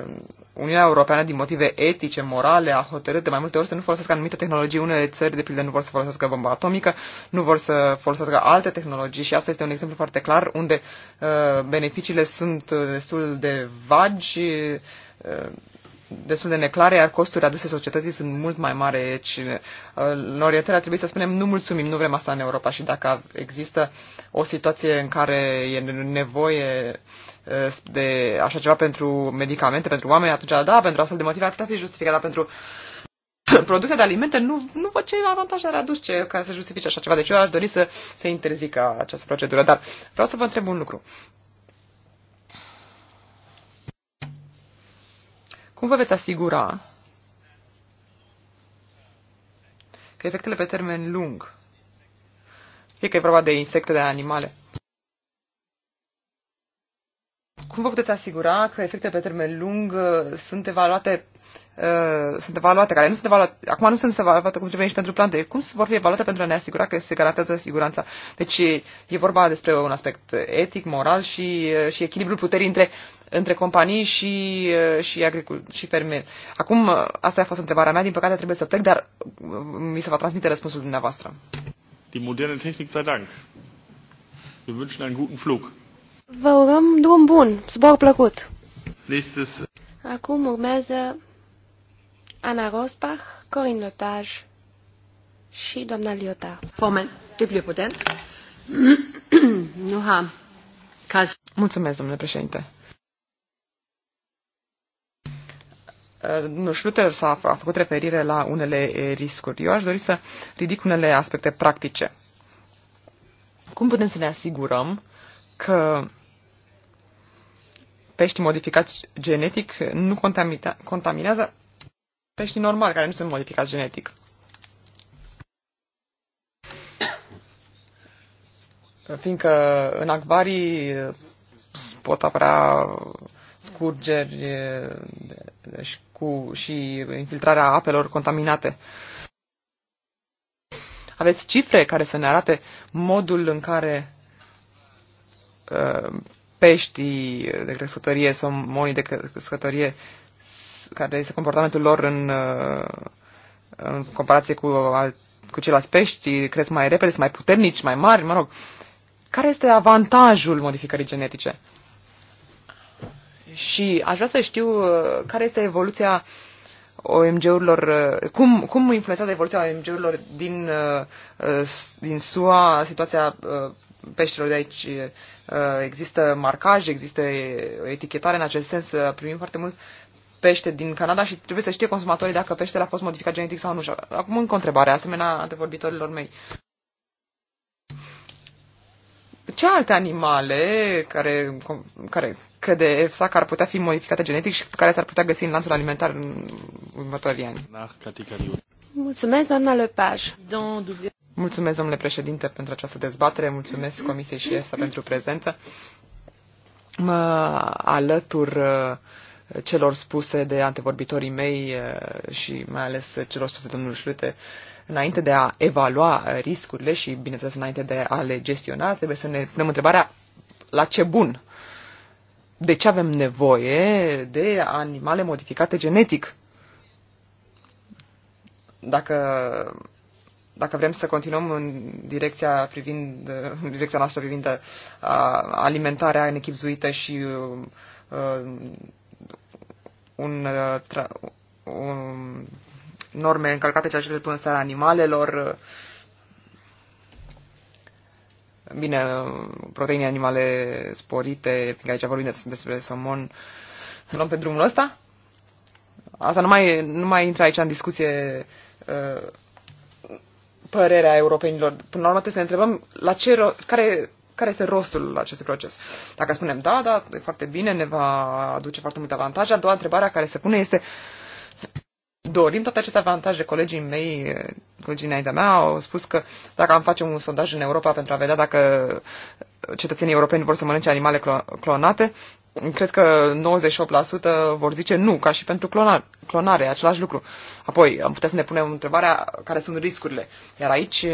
Speaker 2: uh, Uniunea Europeană, din motive etice, morale, a hotărât de mai multe ori să nu folosească anumite tehnologii. Unele țări, de pildă, nu vor să folosească bomba atomică, nu vor să folosească alte tehnologii și asta este un exemplu foarte clar unde uh, beneficiile sunt destul de vagi. Uh, destul de neclare, iar costurile aduse societății sunt mult mai mari. Deci, uh, în orientare trebuie să spunem nu mulțumim, nu vrem asta în Europa și dacă există o situație în care e nevoie uh, de așa ceva pentru medicamente, pentru oameni, atunci da, pentru astfel de motive ar putea fi justificat, dar pentru (coughs) produse de alimente nu, nu văd ce avantaj ar aduce ca să justifice așa ceva. Deci eu aș dori să se interzică această procedură, dar vreau să vă întreb un lucru. Cum vă veți asigura că efectele pe termen lung, fie că e vorba de insecte, de animale, cum vă puteți asigura că efectele pe termen lung uh, sunt evaluate Uh, sunt evaluate, care nu sunt evaluate, acum nu sunt evaluate cum trebuie nici pentru plante, cum vor fi evaluate pentru a ne asigura că se garantează siguranța? Deci e vorba despre un aspect etic, moral și, uh, și echilibrul puterii între, între companii și, uh, și, agricul, și fermieri. Acum, asta a fost întrebarea mea, din păcate trebuie să plec, dar mi se va transmite răspunsul dumneavoastră. Din moderne tehnic, să Dank. Wir wünschen guten Flug. Vă urăm drum bun, zbor
Speaker 3: plăcut. Acum urmează Ana Rosbach, Corin Lotage și doamna Liota. Fomen, deputat.
Speaker 2: (clears throat) nu am caz. Mulțumesc, domnule președinte. Domnul Schluter s-a a făcut referire la unele riscuri. Eu aș dori să ridic unele aspecte practice. Cum putem să ne asigurăm că peștii modificați genetic nu contaminează pești normali care nu sunt modificați genetic. Fiindcă în acvarii pot apărea scurgeri și, cu, și infiltrarea apelor contaminate. Aveți cifre care să ne arate modul în care uh, peștii de crescătorie sau monii de crescătorie care este comportamentul lor în, uh, în comparație cu, cu ceilalți pești, cresc mai repede, sunt mai puternici, mai mari, mă rog. Care este avantajul modificării genetice? Și aș vrea să știu uh, care este evoluția OMG-urilor, uh, cum, cum influențează evoluția OMG-urilor din, din SUA, situația peștilor de aici există marcaj, există etichetare în acest sens, primim foarte mult pește din Canada și trebuie să știe consumatorii dacă peștele a fost modificat genetic sau nu. Acum încă o întrebare, asemenea antevorbitorilor mei. Ce alte animale care, care crede EFSA că ar putea fi modificate genetic și care s-ar putea găsi în lanțul alimentar în următorii ani?
Speaker 3: Mulțumesc, doamna Lepaj.
Speaker 2: Mulțumesc, domnule președinte, pentru această dezbatere. Mulțumesc Comisiei și EFSA pentru prezență. Mă alătur uh, celor spuse de antevorbitorii mei eh, și mai ales celor spuse de domnul Șlute, înainte de a evalua riscurile și, bineînțeles, înainte de a le gestiona, trebuie să ne punem întrebarea la ce bun? De ce avem nevoie de animale modificate genetic? Dacă, dacă vrem să continuăm în direcția, privind, în direcția noastră privind a, uh, alimentarea nechipzuită și uh, uh, un, uh, tra, un, norme încălcate ceea ce le până seara animalelor. Uh, bine, uh, proteine animale sporite, fiindcă aici vorbim despre somon, luăm pe drumul ăsta? Asta nu mai, nu mai intră aici în discuție părerea europenilor. Până la urmă trebuie să ne întrebăm la ce care care este rostul acestui proces. Dacă spunem da, da, e foarte bine, ne va aduce foarte multe avantaje, a doua întrebare care se pune este dorim toate aceste avantaje. Colegii mei, colegii înaintea mea, au spus că dacă am face un sondaj în Europa pentru a vedea dacă cetățenii europeni vor să mănânce animale clonate, cred că 98% vor zice nu, ca și pentru clonare, clonare același lucru. Apoi, am putea să ne punem întrebarea care sunt riscurile. Iar aici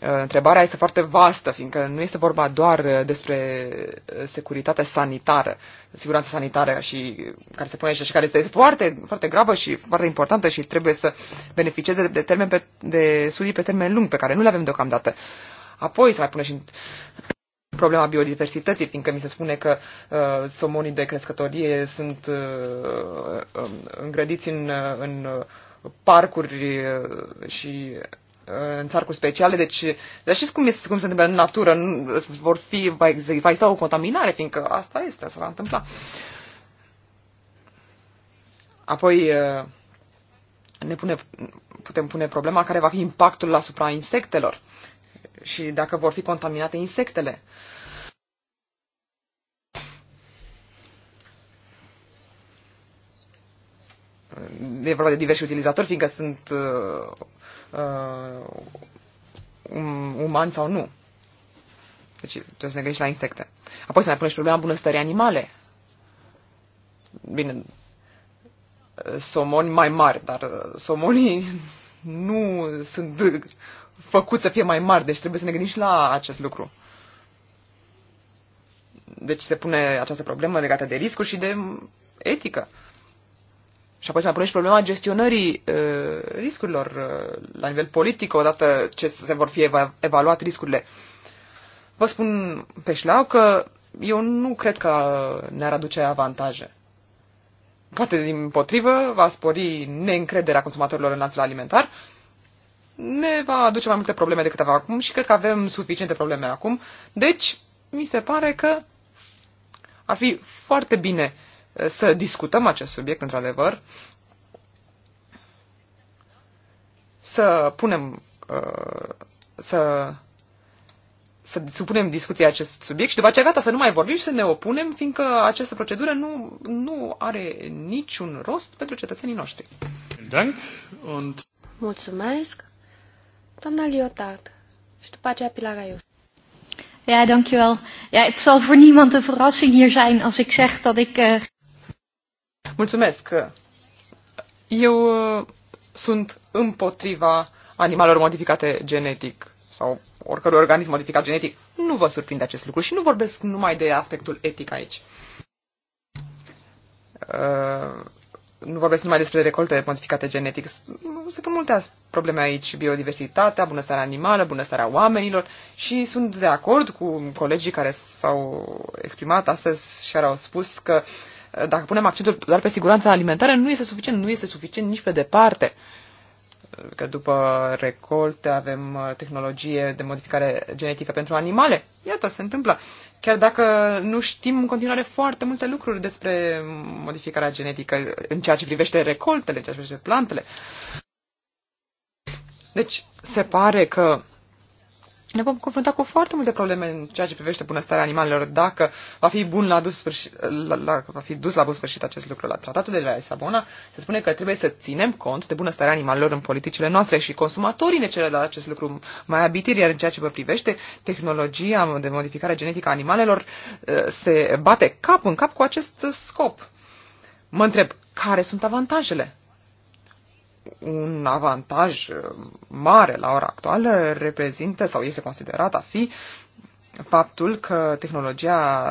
Speaker 2: Uh, întrebarea este foarte vastă, fiindcă nu este vorba doar uh, despre uh, securitatea sanitară, siguranța sanitară și care se pune și, care este foarte, foarte gravă și foarte importantă și trebuie să beneficieze de, termen pe, de studii pe termen lung, pe care nu le avem deocamdată. Apoi se mai pune și problema biodiversității, fiindcă mi se spune că uh, somonii de crescătorie sunt uh, um, îngrădiți în, în parcuri și Uh, în țarcuri speciale, deci, dar știți cum, este, cum se întâmplă în natură, nu, vor fi, va va exista o contaminare, fiindcă asta este, asta va întâmpla. Apoi uh, ne pune, putem pune problema care va fi impactul asupra insectelor și dacă vor fi contaminate insectele. Uh, Uh, e vorba de diversi utilizatori, fiindcă sunt uh, uh um, umani sau nu. Deci trebuie să ne gândim la insecte. Apoi să mai pune și problema bunăstării animale. Bine, somoni mai mari, dar uh, somonii (laughs) nu sunt făcuți să fie mai mari, deci trebuie să ne gândim și la acest lucru. Deci se pune această problemă legată de riscuri și de etică. Și apoi se mai pune și problema gestionării uh, riscurilor uh, la nivel politic, odată ce se vor fi eva- evaluat riscurile. Vă spun pe șleau că eu nu cred că ne-ar aduce avantaje. Poate din potrivă va spori neîncrederea consumatorilor în lanțul alimentar, ne va aduce mai multe probleme decât avem acum și cred că avem suficiente probleme acum. Deci, mi se pare că ar fi foarte bine uh, să discutăm acest subiect, într-adevăr, să punem, uh, să, să supunem discuția acest subiect și după aceea gata să nu mai vorbim și să ne opunem, fiindcă această procedură nu, nu are niciun rost pentru cetățenii noștri. Mulțumesc.
Speaker 3: Doamna Liotard. Și după aceea Pilar Aius. Ja, dankjewel. Ja, het zal voor niemand een verrassing hier zijn als ik zeg dat ik...
Speaker 2: Uh... Mulțumesc. Eu uh, sunt împotriva animalelor modificate genetic sau oricărui organism modificat genetic. Nu vă surprinde acest lucru și nu vorbesc numai de aspectul etic aici. Uh, nu vorbesc numai despre recolte modificate genetic. pun multe probleme aici, biodiversitatea, bunăstarea animală, bunăstarea oamenilor și sunt de acord cu colegii care s-au exprimat astăzi și au spus că dacă punem accentul doar pe siguranța alimentară, nu este suficient, nu este suficient nici pe departe. Că după recolte avem uh, tehnologie de modificare genetică pentru animale. Iată, se întâmplă. Chiar dacă nu știm în continuare foarte multe lucruri despre modificarea genetică în ceea ce privește recoltele, în ceea ce privește plantele. Deci, se pare că ne vom confrunta cu foarte multe probleme în ceea ce privește bunăstarea animalelor dacă va fi bun la dus sfârșit, la, la, va fi dus la bun sfârșit acest lucru. La tratatul de la Lisabona se spune că trebuie să ținem cont de bunăstarea animalelor în politicile noastre și consumatorii ne cer la acest lucru mai abitiri, iar în ceea ce vă privește tehnologia de modificare genetică a animalelor eh, se bate cap în cap cu acest scop. Mă întreb, care sunt avantajele? un avantaj mare la ora actuală reprezintă sau este considerat a fi faptul că tehnologia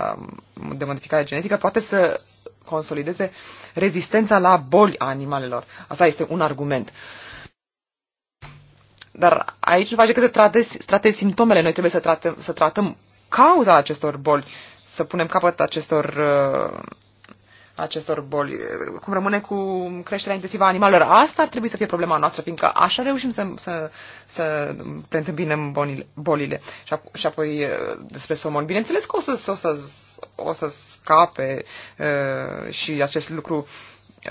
Speaker 2: de modificare genetică poate să consolideze rezistența la boli a animalelor. Asta este un argument. Dar aici nu face că să tratezi, tratezi simptomele. Noi trebuie să tratăm, să tratăm cauza acestor boli, să punem capăt acestor uh, acestor boli, cum rămâne cu creșterea intensivă a animalelor. Asta ar trebui să fie problema noastră, fiindcă așa reușim să, să, să preîntâmpinăm bolile. Și, ap- și apoi uh, despre somon, bineînțeles că o să, o să, o să scape uh, și acest lucru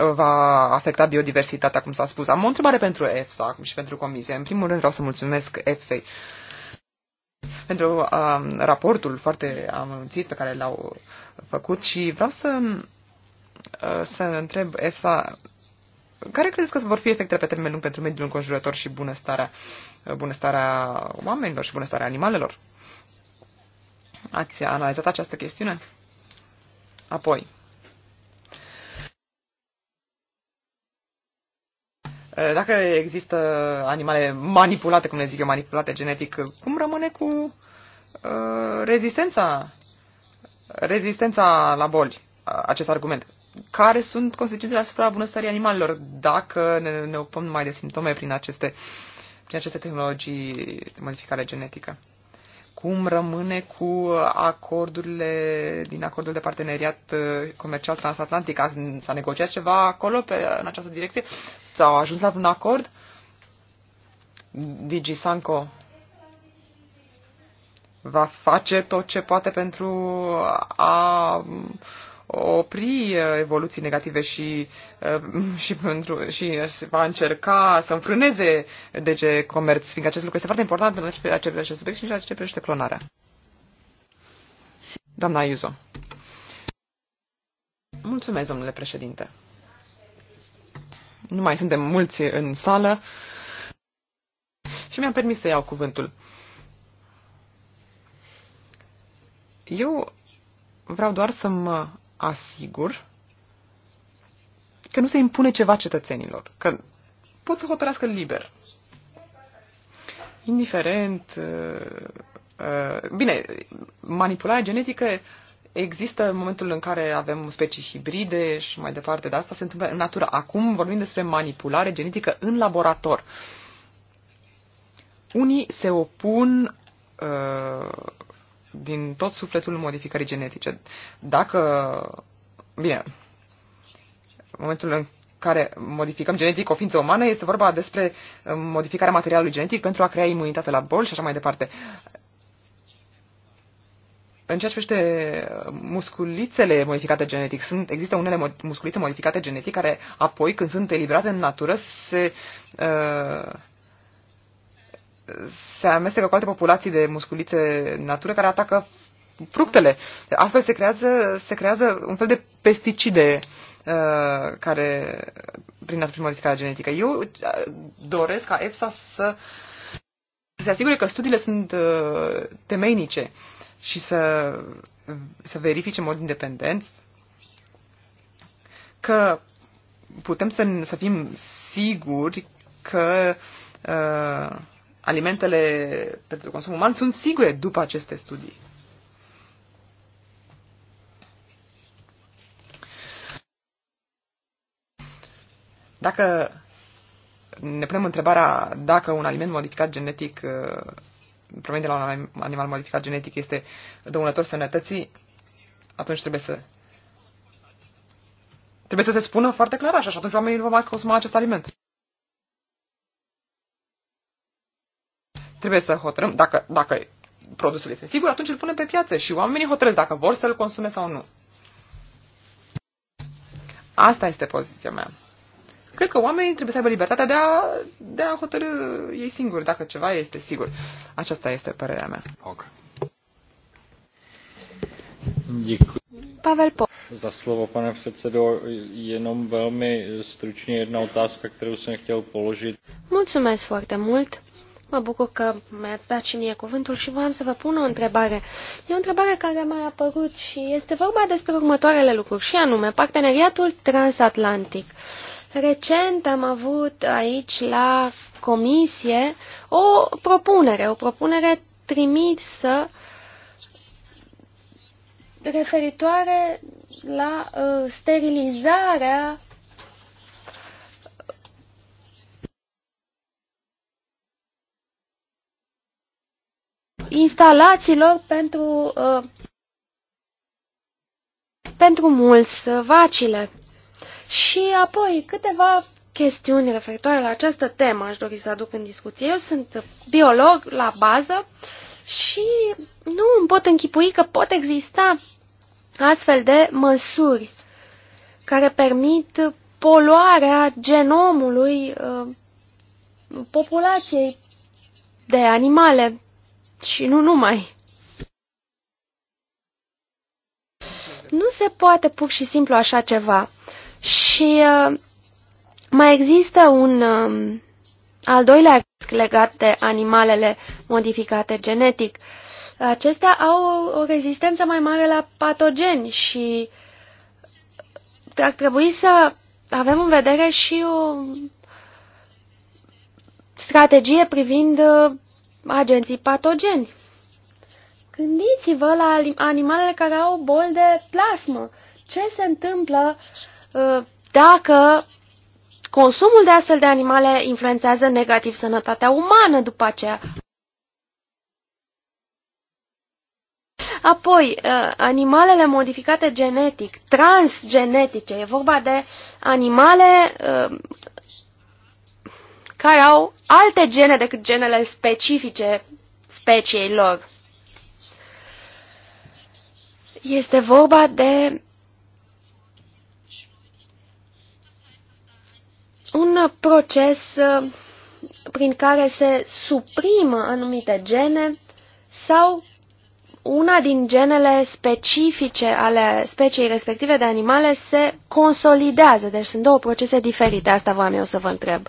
Speaker 2: uh, va afecta biodiversitatea, cum s-a spus. Am o întrebare pentru EFSA și pentru Comisie. În primul rând vreau să mulțumesc EFSA pentru um, raportul foarte amănunțit pe care l-au făcut și vreau să Uh, să întreb EFSA care credeți că vor fi efectele pe termen lung pentru mediul înconjurător și bunăstarea, uh, bunăstarea oamenilor și bunăstarea animalelor? Ați analizat această chestiune? Apoi, uh, dacă există animale manipulate, cum le zic eu, manipulate genetic, cum rămâne cu uh, rezistența, rezistența la boli, acest argument? care sunt consecințele asupra bunăstării animalelor dacă ne, ne ocupăm numai de simptome prin aceste, prin aceste tehnologii de modificare genetică. Cum rămâne cu acordurile din acordul de parteneriat uh, comercial transatlantic? S-a negociat ceva acolo pe, în această direcție? S-au ajuns la un acord? Digi Sanco va face tot ce poate pentru a opri uh, evoluții negative și, uh, (laughs) și, pentru, și va încerca să înfrâneze DG Comerț, fiindcă acest lucru este foarte important în acest subiect și în ce privește clonarea. Doamna Iuzo. Mulțumesc, domnule președinte. Nu mai suntem mulți în sală și mi-am permis să iau cuvântul. Eu vreau doar să mă asigur că nu se impune ceva cetățenilor, că pot să hotărească liber. Indiferent. Uh, uh, bine, manipularea genetică există în momentul în care avem specii hibride și mai departe de asta se întâmplă în natură. Acum vorbim despre manipulare genetică în laborator. Unii se opun uh, din tot sufletul modificării genetice. Dacă, bine, în momentul în care modificăm genetic o ființă umană, este vorba despre uh, modificarea materialului genetic pentru a crea imunitate la boli și așa mai departe. În ceea ce privește uh, musculițele modificate genetic, sunt, există unele musculițe modificate genetic care apoi, când sunt eliberate în natură, se, uh, se amestecă cu alte populații de musculițe natură care atacă fructele. Astfel se creează, se creează un fel de pesticide uh, care, prin prin modificarea genetică. Eu uh, doresc ca EFSA să se asigure că studiile sunt uh, temeinice și să, să verifice în mod independent că putem să, să fim siguri că uh, alimentele pentru consum uman sunt sigure după aceste studii. Dacă ne punem întrebarea dacă un aliment modificat genetic uh, provenit de la un animal modificat genetic este dăunător sănătății, atunci trebuie să trebuie să se spună foarte clar așa și atunci oamenii nu vor mai consuma acest aliment. Trebuie să hotărâm dacă, dacă produsul este sigur, atunci îl punem pe piață și oamenii hotărăsc dacă vor să-l consume sau nu. Asta este poziția mea. Cred că oamenii trebuie să aibă libertatea de a, de a hotărâ ei singuri dacă ceva este sigur. Aceasta este părerea mea. Ok. Pavel po. Za slovo, pane předsedo. Jenom velmi stručně jedna otázka, kterou jsem chtěl položit.
Speaker 3: Mulțumesc foarte mult. Mă bucur că mi-ați dat și mie cuvântul și voiam să vă pun o întrebare. E o întrebare care m-a apărut și este vorba despre următoarele lucruri, și anume parteneriatul transatlantic. Recent am avut aici la comisie o propunere, o propunere trimisă referitoare la uh, sterilizarea instalațiilor pentru, uh, pentru mulți vacile. Și apoi câteva chestiuni referitoare la această temă aș dori să aduc în discuție. Eu sunt biolog la bază și nu îmi pot închipui că pot exista astfel de măsuri care permit poluarea genomului uh, populației de animale. Și nu numai. Nu se poate pur și simplu așa ceva. Și uh, mai există un uh, al doilea risc legat de animalele modificate genetic. Acestea au o, o rezistență mai mare la patogeni și ar trebui să avem în vedere și o strategie privind uh, agenții patogeni. Gândiți-vă la animalele care au bol de plasmă. Ce se întâmplă uh, dacă consumul de astfel de animale influențează negativ sănătatea umană după aceea? Apoi, uh, animalele modificate genetic, transgenetice, e vorba de animale uh, care au alte gene decât genele specifice speciei lor. Este vorba de un proces uh, prin care se suprimă anumite gene sau una din genele specifice ale speciei respective de animale se consolidează. Deci sunt două procese diferite. Asta voiam eu să vă întreb.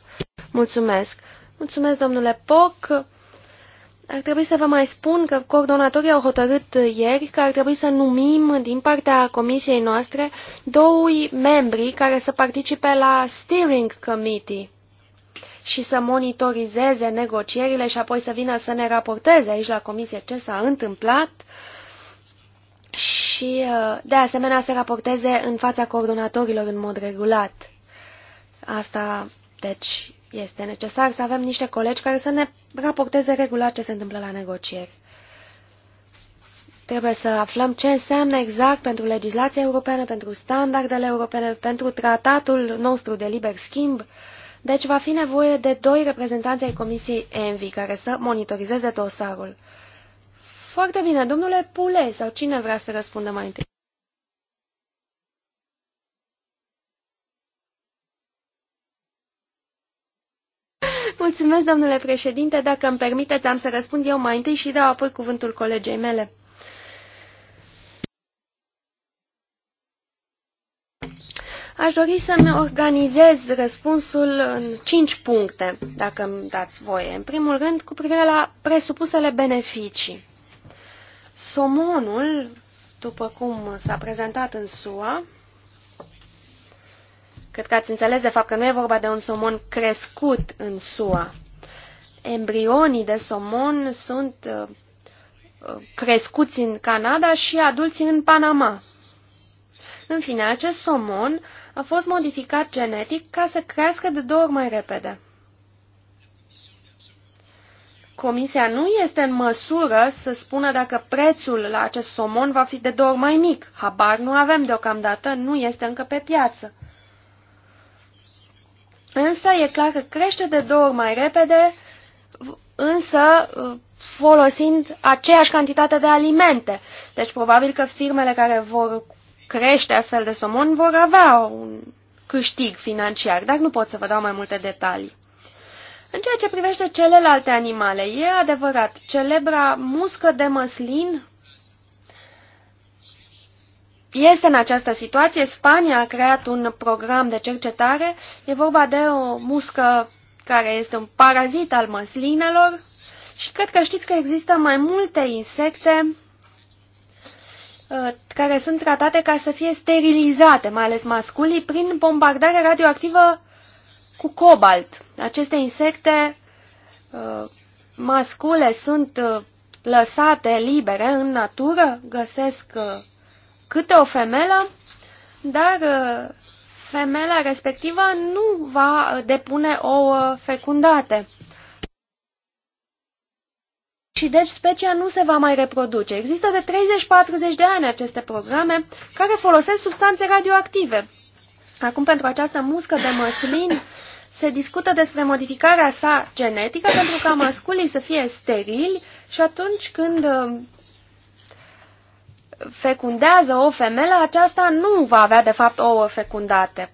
Speaker 3: Mulțumesc! Mulțumesc, domnule Poc! Ar trebui să vă mai spun că coordonatorii au hotărât ieri că ar trebui să numim din partea comisiei noastre doi membri care să participe la Steering Committee și să monitorizeze negocierile și apoi să vină să ne raporteze aici la comisie ce s-a întâmplat și uh, de asemenea să raporteze în fața coordonatorilor în mod regulat. Asta, deci, este necesar să avem niște colegi care să ne raporteze regulat ce se întâmplă la negocieri. Trebuie să aflăm ce înseamnă exact pentru legislația europeană, pentru standardele europene, pentru tratatul nostru de liber schimb. Deci va fi nevoie de doi reprezentanți ai Comisiei ENVI care să monitorizeze dosarul. Foarte bine, domnule Pule, sau cine vrea să răspundă mai întâi? Mulțumesc, domnule președinte. Dacă îmi permiteți, am să răspund eu mai întâi și dau apoi cuvântul colegei mele. Aș dori să-mi organizez răspunsul în cinci puncte, dacă îmi dați voie. În primul rând, cu privire la presupusele beneficii. Somonul, după cum s-a prezentat în SUA, Cred că ați înțeles de fapt că nu e vorba de un somon crescut în SUA. Embrionii de somon sunt uh, uh, crescuți în Canada și adulți în Panama. În fine, acest somon a fost modificat genetic ca să crească de două ori mai repede. Comisia nu este în măsură să spună dacă prețul la acest somon va fi de două ori mai mic. Habar nu avem deocamdată, nu este încă pe piață. Însă e clar că crește de două ori mai repede, însă uh, folosind aceeași cantitate de alimente. Deci probabil că firmele care vor crește astfel de somon vor avea un câștig financiar, dar nu pot să vă dau mai multe detalii. În ceea ce privește celelalte animale, e adevărat, celebra muscă de măslin este în această situație. Spania a creat un program de cercetare. E vorba de o muscă care este un parazit al măslinelor și cred că știți că există mai multe insecte uh, care sunt tratate ca să fie sterilizate, mai ales masculii, prin bombardare radioactivă cu cobalt. Aceste insecte uh, mascule sunt uh, lăsate libere în natură, găsesc câte o femelă, dar uh, femela respectivă nu va uh, depune ouă uh, fecundate. Și deci specia nu se va mai reproduce. Există de 30-40 de ani aceste programe care folosesc substanțe radioactive. Acum, pentru această muscă de măslin, se discută despre modificarea sa genetică pentru ca masculii să fie sterili și atunci când fecundează o femelă, aceasta nu va avea de fapt ouă fecundate.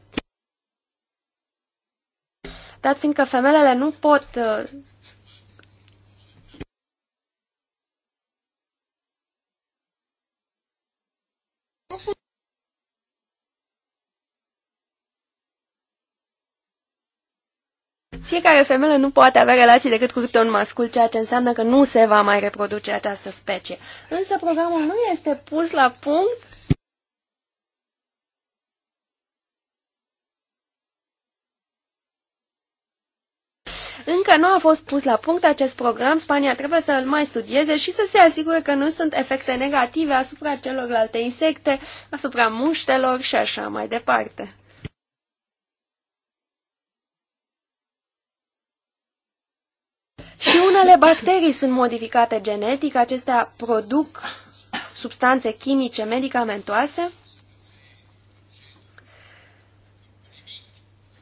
Speaker 3: Dat fiindcă femelele nu pot uh, Fiecare femelă nu poate avea relații decât cu câte un mascul, ceea ce înseamnă că nu se va mai reproduce această specie. Însă programul nu este pus la punct Încă nu a fost pus la punct acest program, Spania trebuie să îl mai studieze și să se asigure că nu sunt efecte negative asupra celorlalte insecte, asupra muștelor și așa mai departe. Și unele bacterii sunt modificate genetic, acestea produc substanțe chimice medicamentoase,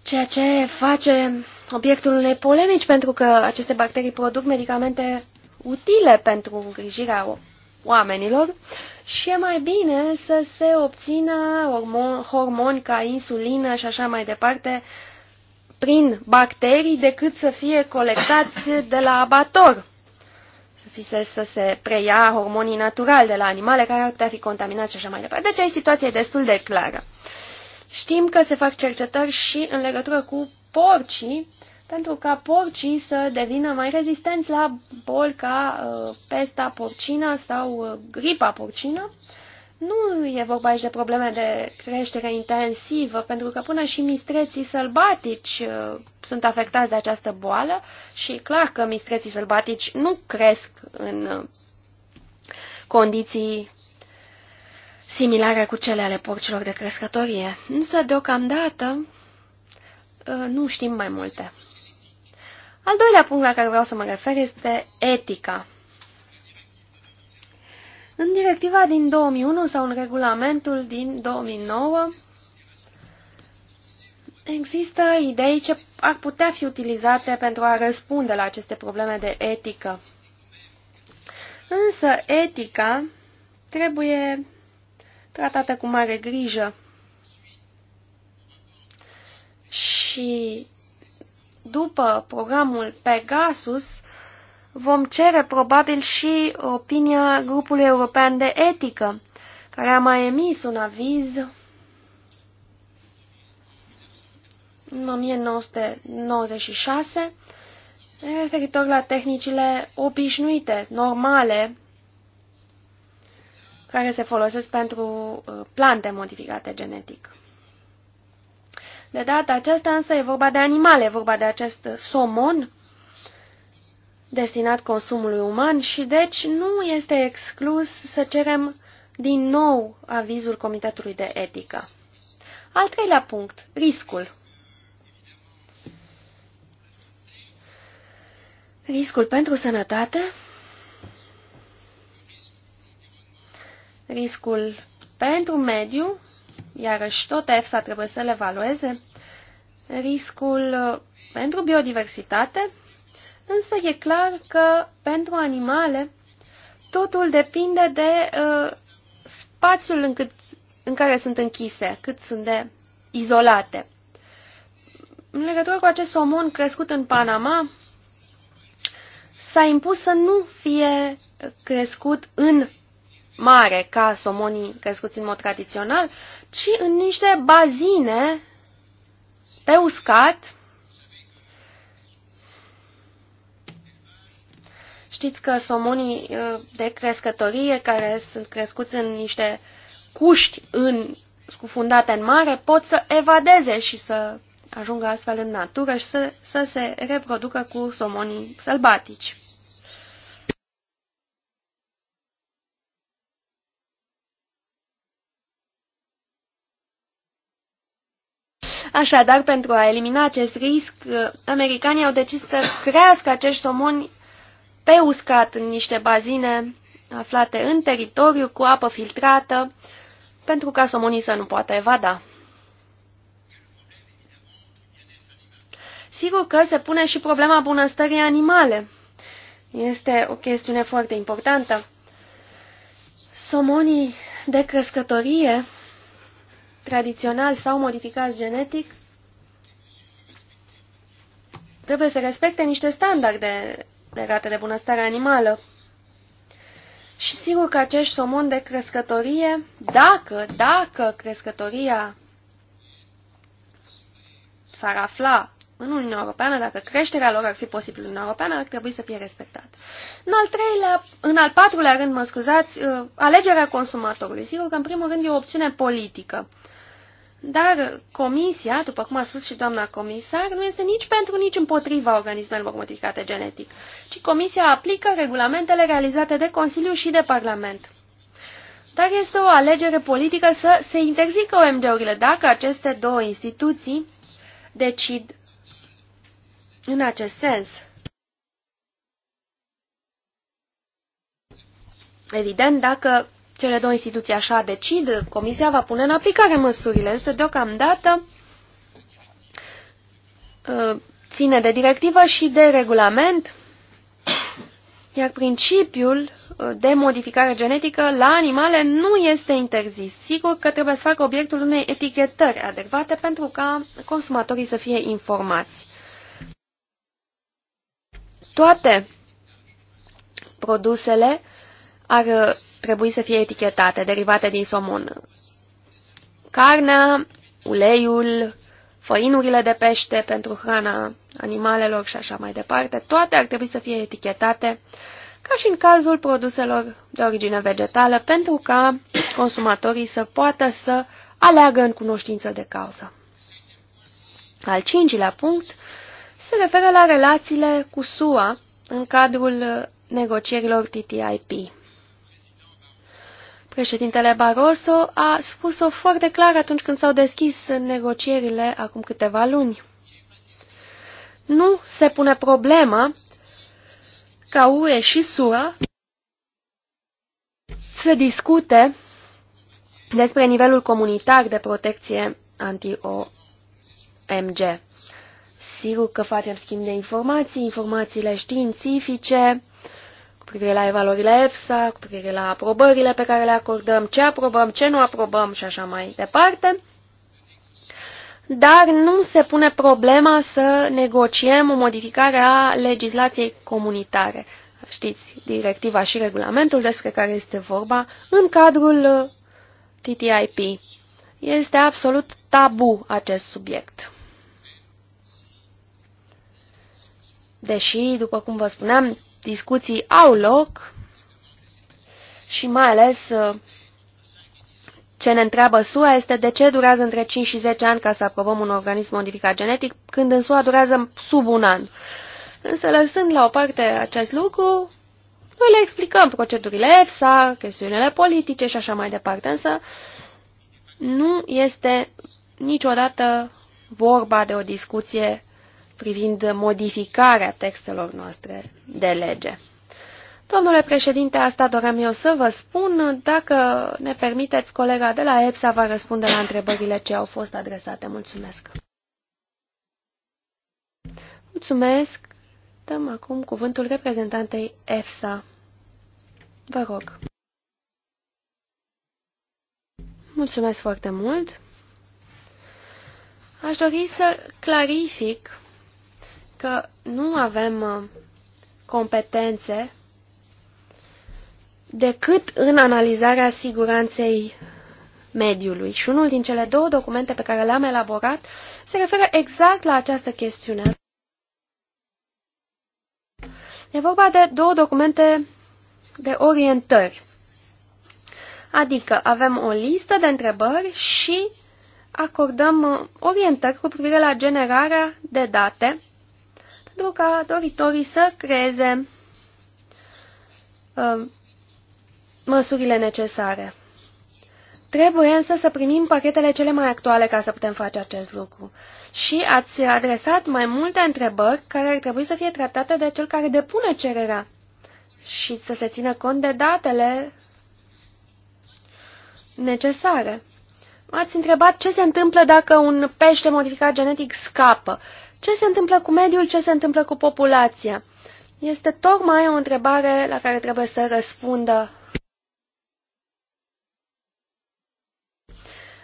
Speaker 3: ceea ce face obiectul unei polemici, pentru că aceste bacterii produc medicamente utile pentru îngrijirea oamenilor și e mai bine să se obțină hormoni, ca insulină și așa mai departe, prin bacterii decât să fie colectați de la abator, să, fi, să, să se preia hormonii naturali de la animale care ar putea fi contaminați și așa mai departe. Deci aici situația e destul de clară. Știm că se fac cercetări și în legătură cu porcii, pentru ca porcii să devină mai rezistenți la boli ca uh, pesta porcină sau uh, gripa porcină. Uh, nu e vorba aici de probleme de creștere intensivă, pentru că până și mistreții sălbatici uh, sunt afectați de această boală și e clar că mistreții sălbatici nu cresc în uh, condiții similare cu cele ale porcilor de crescătorie. Însă, deocamdată, uh, nu știm mai multe. Al doilea punct la care vreau să mă refer este etica. În directiva din 2001 sau în regulamentul din 2009 există idei ce ar putea fi utilizate pentru a răspunde la aceste probleme de etică. Însă etica trebuie tratată cu mare grijă. Și după programul Pegasus, vom cere probabil și opinia grupului european de etică, care a mai emis un aviz în 1996 referitor la tehnicile obișnuite, normale, care se folosesc pentru uh, plante modificate genetic. De data aceasta însă e vorba de animale, e vorba de acest somon destinat consumului uman și deci nu este exclus să cerem din nou avizul Comitetului de Etică. Al treilea punct, riscul. Riscul pentru sănătate, riscul pentru mediu, iarăși tot EFSA trebuie să le evalueze, riscul pentru biodiversitate, însă e clar că pentru animale totul depinde de uh, spațiul în, cât, în care sunt închise, cât sunt de izolate. În legătură cu acest somon crescut în Panama, s-a impus să nu fie crescut în mare, ca somonii crescuți în mod tradițional, ci în niște bazine pe uscat, Știți că somonii uh, de crescătorie care sunt crescuți în niște cuști în, scufundate în mare pot să evadeze și să ajungă astfel în natură și să, să se reproducă cu somonii sălbatici. Așadar, pentru a elimina acest risc, uh, americanii au decis să crească acești somoni pe uscat în niște bazine aflate în teritoriu cu apă filtrată pentru ca somonii să nu poată evada. Sigur că se pune și problema bunăstării animale. Este o chestiune foarte importantă. Somonii de crescătorie, tradițional sau modificați genetic, trebuie să respecte niște standarde legate de bunăstare animală. Și sigur că acești somon de crescătorie, dacă, dacă crescătoria s-ar afla în Uniunea Europeană, dacă creșterea lor ar fi posibilă în Uniunea Europeană, ar trebui să fie respectat. În al treilea, în al patrulea rând, mă scuzați, alegerea consumatorului. Sigur că, în primul rând, e o opțiune politică. Dar comisia, după cum a spus și doamna comisar, nu este nici pentru, nici împotriva organismelor modificate genetic, ci comisia aplică regulamentele realizate de Consiliu și de Parlament. Dar este o alegere politică să se interzică OMG-urile dacă aceste două instituții decid în acest sens. Evident, dacă cele două instituții așa decid, Comisia va pune în aplicare măsurile, însă deocamdată uh, ține de directivă și de regulament, iar principiul uh, de modificare genetică la animale nu este interzis. Sigur că trebuie să facă obiectul unei etichetări adecvate pentru ca consumatorii să fie informați. Toate produsele ar uh, trebui să fie etichetate, derivate din somon. Carnea, uleiul, făinurile de pește pentru hrana animalelor și așa mai departe, toate ar trebui să fie etichetate ca și în cazul produselor de origine vegetală, pentru ca consumatorii să poată să aleagă în cunoștință de cauză. Al cincilea punct se referă la relațiile cu SUA în cadrul negocierilor TTIP. Președintele Barroso a spus-o foarte clar atunci când s-au deschis negocierile acum câteva luni. Nu se pune problema ca UE și SUA să discute despre nivelul comunitar de protecție anti-OMG. Sigur că facem schimb de informații, informațiile științifice, privire la evaluările EFSA, cu privire la aprobările pe care le acordăm, ce aprobăm, ce nu aprobăm și așa mai departe. Dar nu se pune problema să negociem o modificare a legislației comunitare. Știți, directiva și regulamentul despre care este vorba în cadrul uh, TTIP. Este absolut tabu acest subiect. Deși, după cum vă spuneam, discuții au loc și mai ales uh, ce ne întreabă SUA este de ce durează între 5 și 10 ani ca să aprobăm un organism modificat genetic, când în SUA durează sub un an. Însă, lăsând la o parte acest lucru, noi le explicăm procedurile EFSA, chestiunile politice și așa mai departe, însă nu este niciodată vorba de o discuție privind modificarea textelor noastre de lege. Domnule președinte, asta doream eu să vă spun. Dacă ne permiteți, colega de la EPSA va răspunde la întrebările ce au fost adresate. Mulțumesc! Mulțumesc! Dăm acum cuvântul reprezentantei EFSA. Vă rog! Mulțumesc foarte mult! Aș dori să clarific că nu avem uh, competențe decât în analizarea siguranței mediului. Și unul din cele două documente pe care le-am elaborat se referă exact la această chestiune. E vorba de două documente de orientări. Adică avem o listă de întrebări și acordăm uh, orientări cu privire la generarea de date pentru ca doritorii să creeze uh, măsurile necesare. Trebuie însă să primim pachetele cele mai actuale ca să putem face acest lucru. Și ați adresat mai multe întrebări care ar trebui să fie tratate de cel care depune cererea și să se țină cont de datele necesare. M-ați întrebat ce se întâmplă dacă un pește modificat genetic scapă. Ce se întâmplă cu mediul, ce se întâmplă cu populația? Este tocmai o întrebare la care trebuie să răspundă.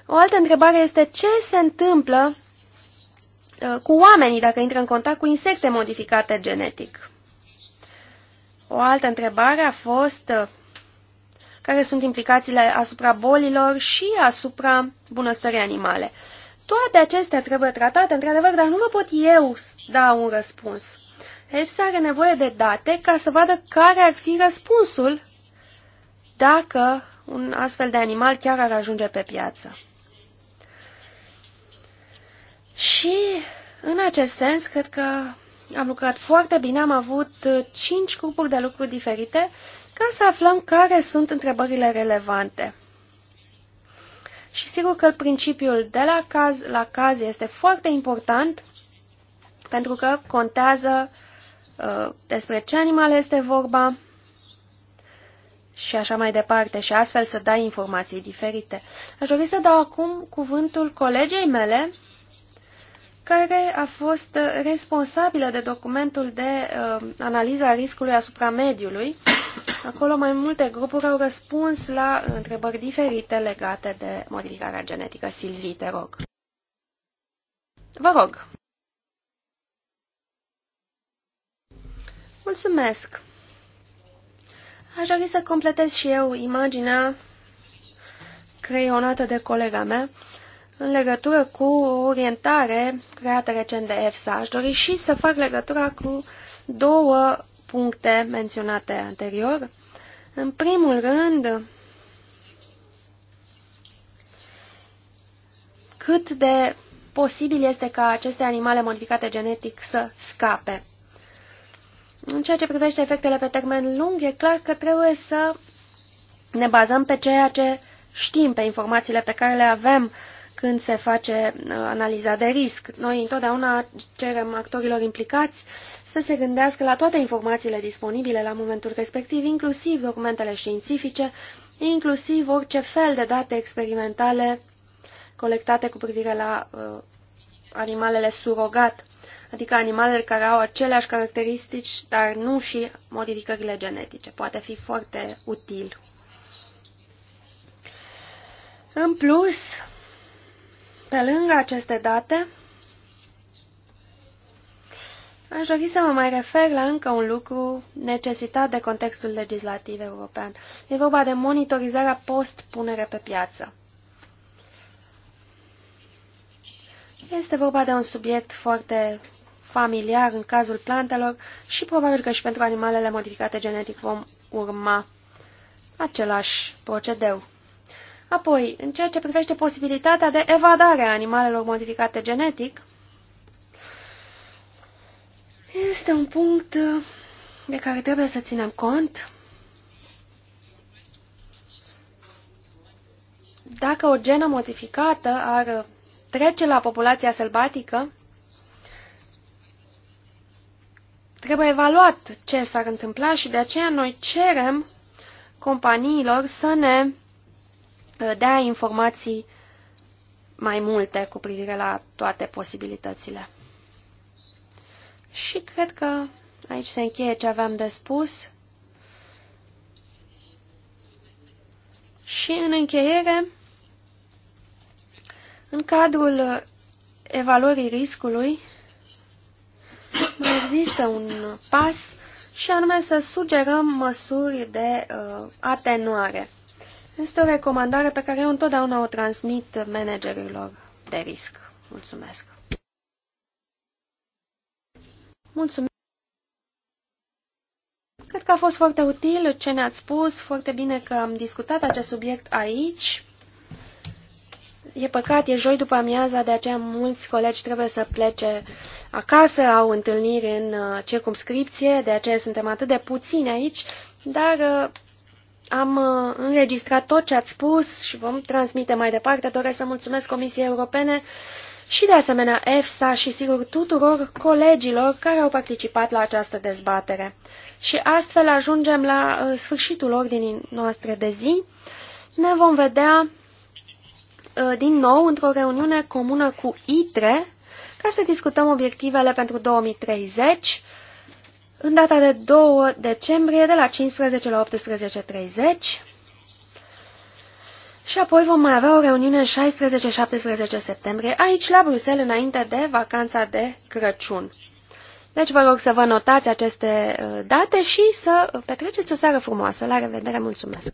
Speaker 3: O altă întrebare este ce se întâmplă uh, cu oamenii dacă intră în contact cu insecte modificate genetic. O altă întrebare a fost uh, care sunt implicațiile asupra bolilor și asupra bunăstării animale. Toate acestea trebuie tratate, într-adevăr, dar nu vă pot eu da un răspuns. EFSA are nevoie de date ca să vadă care ar fi răspunsul dacă un astfel de animal chiar ar ajunge pe piață. Și în acest sens, cred că am lucrat foarte bine, am avut cinci grupuri de lucruri diferite ca să aflăm care sunt întrebările relevante. Și sigur că principiul de la caz la caz este foarte important pentru că contează uh, despre ce animal este vorba și așa mai departe și astfel să dai informații diferite. Aș dori să dau acum cuvântul colegei mele, care a fost responsabilă de documentul de uh, analiză a riscului asupra mediului. Acolo mai multe grupuri au răspuns la întrebări diferite legate de modificarea genetică. Silvii, te rog. Vă rog. Mulțumesc. Aș dori să completez și eu imaginea creionată de colega mea în legătură cu o orientare creată recent de EFSA. Aș dori și să fac legătura cu două puncte menționate anterior. În primul rând, cât de posibil este ca aceste animale modificate genetic să scape. În ceea ce privește efectele pe termen lung, e clar că trebuie să ne bazăm pe ceea ce știm, pe informațiile pe care le avem când se face uh, analiza de risc. Noi întotdeauna cerem actorilor implicați să se gândească la toate informațiile disponibile la momentul respectiv, inclusiv documentele științifice, inclusiv orice fel de date experimentale colectate cu privire la uh, animalele surogat, adică animalele care au aceleași caracteristici, dar nu și modificările genetice. Poate fi foarte util. În plus, pe lângă aceste date, aș dori să mă mai refer la încă un lucru necesitat de contextul legislativ european. E vorba de monitorizarea post-punere pe piață. Este vorba de un subiect foarte familiar în cazul plantelor și probabil că și pentru animalele modificate genetic vom urma același procedeu. Apoi, în ceea ce privește posibilitatea de evadare a animalelor modificate genetic, este un punct uh, de care trebuie să ținem cont. Dacă o genă modificată ar uh, trece la populația sălbatică, trebuie evaluat ce s-ar întâmpla și de aceea noi cerem companiilor să ne dea informații mai multe cu privire la toate posibilitățile. Și cred că aici se încheie ce aveam de spus. Și în încheiere, în cadrul evaluării riscului, mai există un pas și anume să sugerăm măsuri de uh, atenuare. Este o recomandare pe care eu întotdeauna o transmit managerilor de risc. Mulțumesc! Mulțumesc! Cred că a fost foarte util ce ne-ați spus, foarte bine că am discutat acest subiect aici. E păcat, e joi după amiaza, de aceea mulți colegi trebuie să plece acasă, au întâlniri în uh, circumscripție, de aceea suntem atât de puțini aici, dar uh, am uh, înregistrat tot ce ați spus și vom transmite mai departe. Doresc să mulțumesc Comisiei Europene și de asemenea EFSA și sigur tuturor colegilor care au participat la această dezbatere. Și astfel ajungem la uh, sfârșitul ordinii noastre de zi. Ne vom vedea uh, din nou într-o reuniune comună cu ITRE ca să discutăm obiectivele pentru 2030 în data de 2 decembrie de la 15 la 18.30 și apoi vom mai avea o reuniune 16-17 septembrie aici la Bruxelles înainte de vacanța de Crăciun. Deci vă rog să vă notați aceste uh, date și să petreceți o seară frumoasă. La revedere, mulțumesc!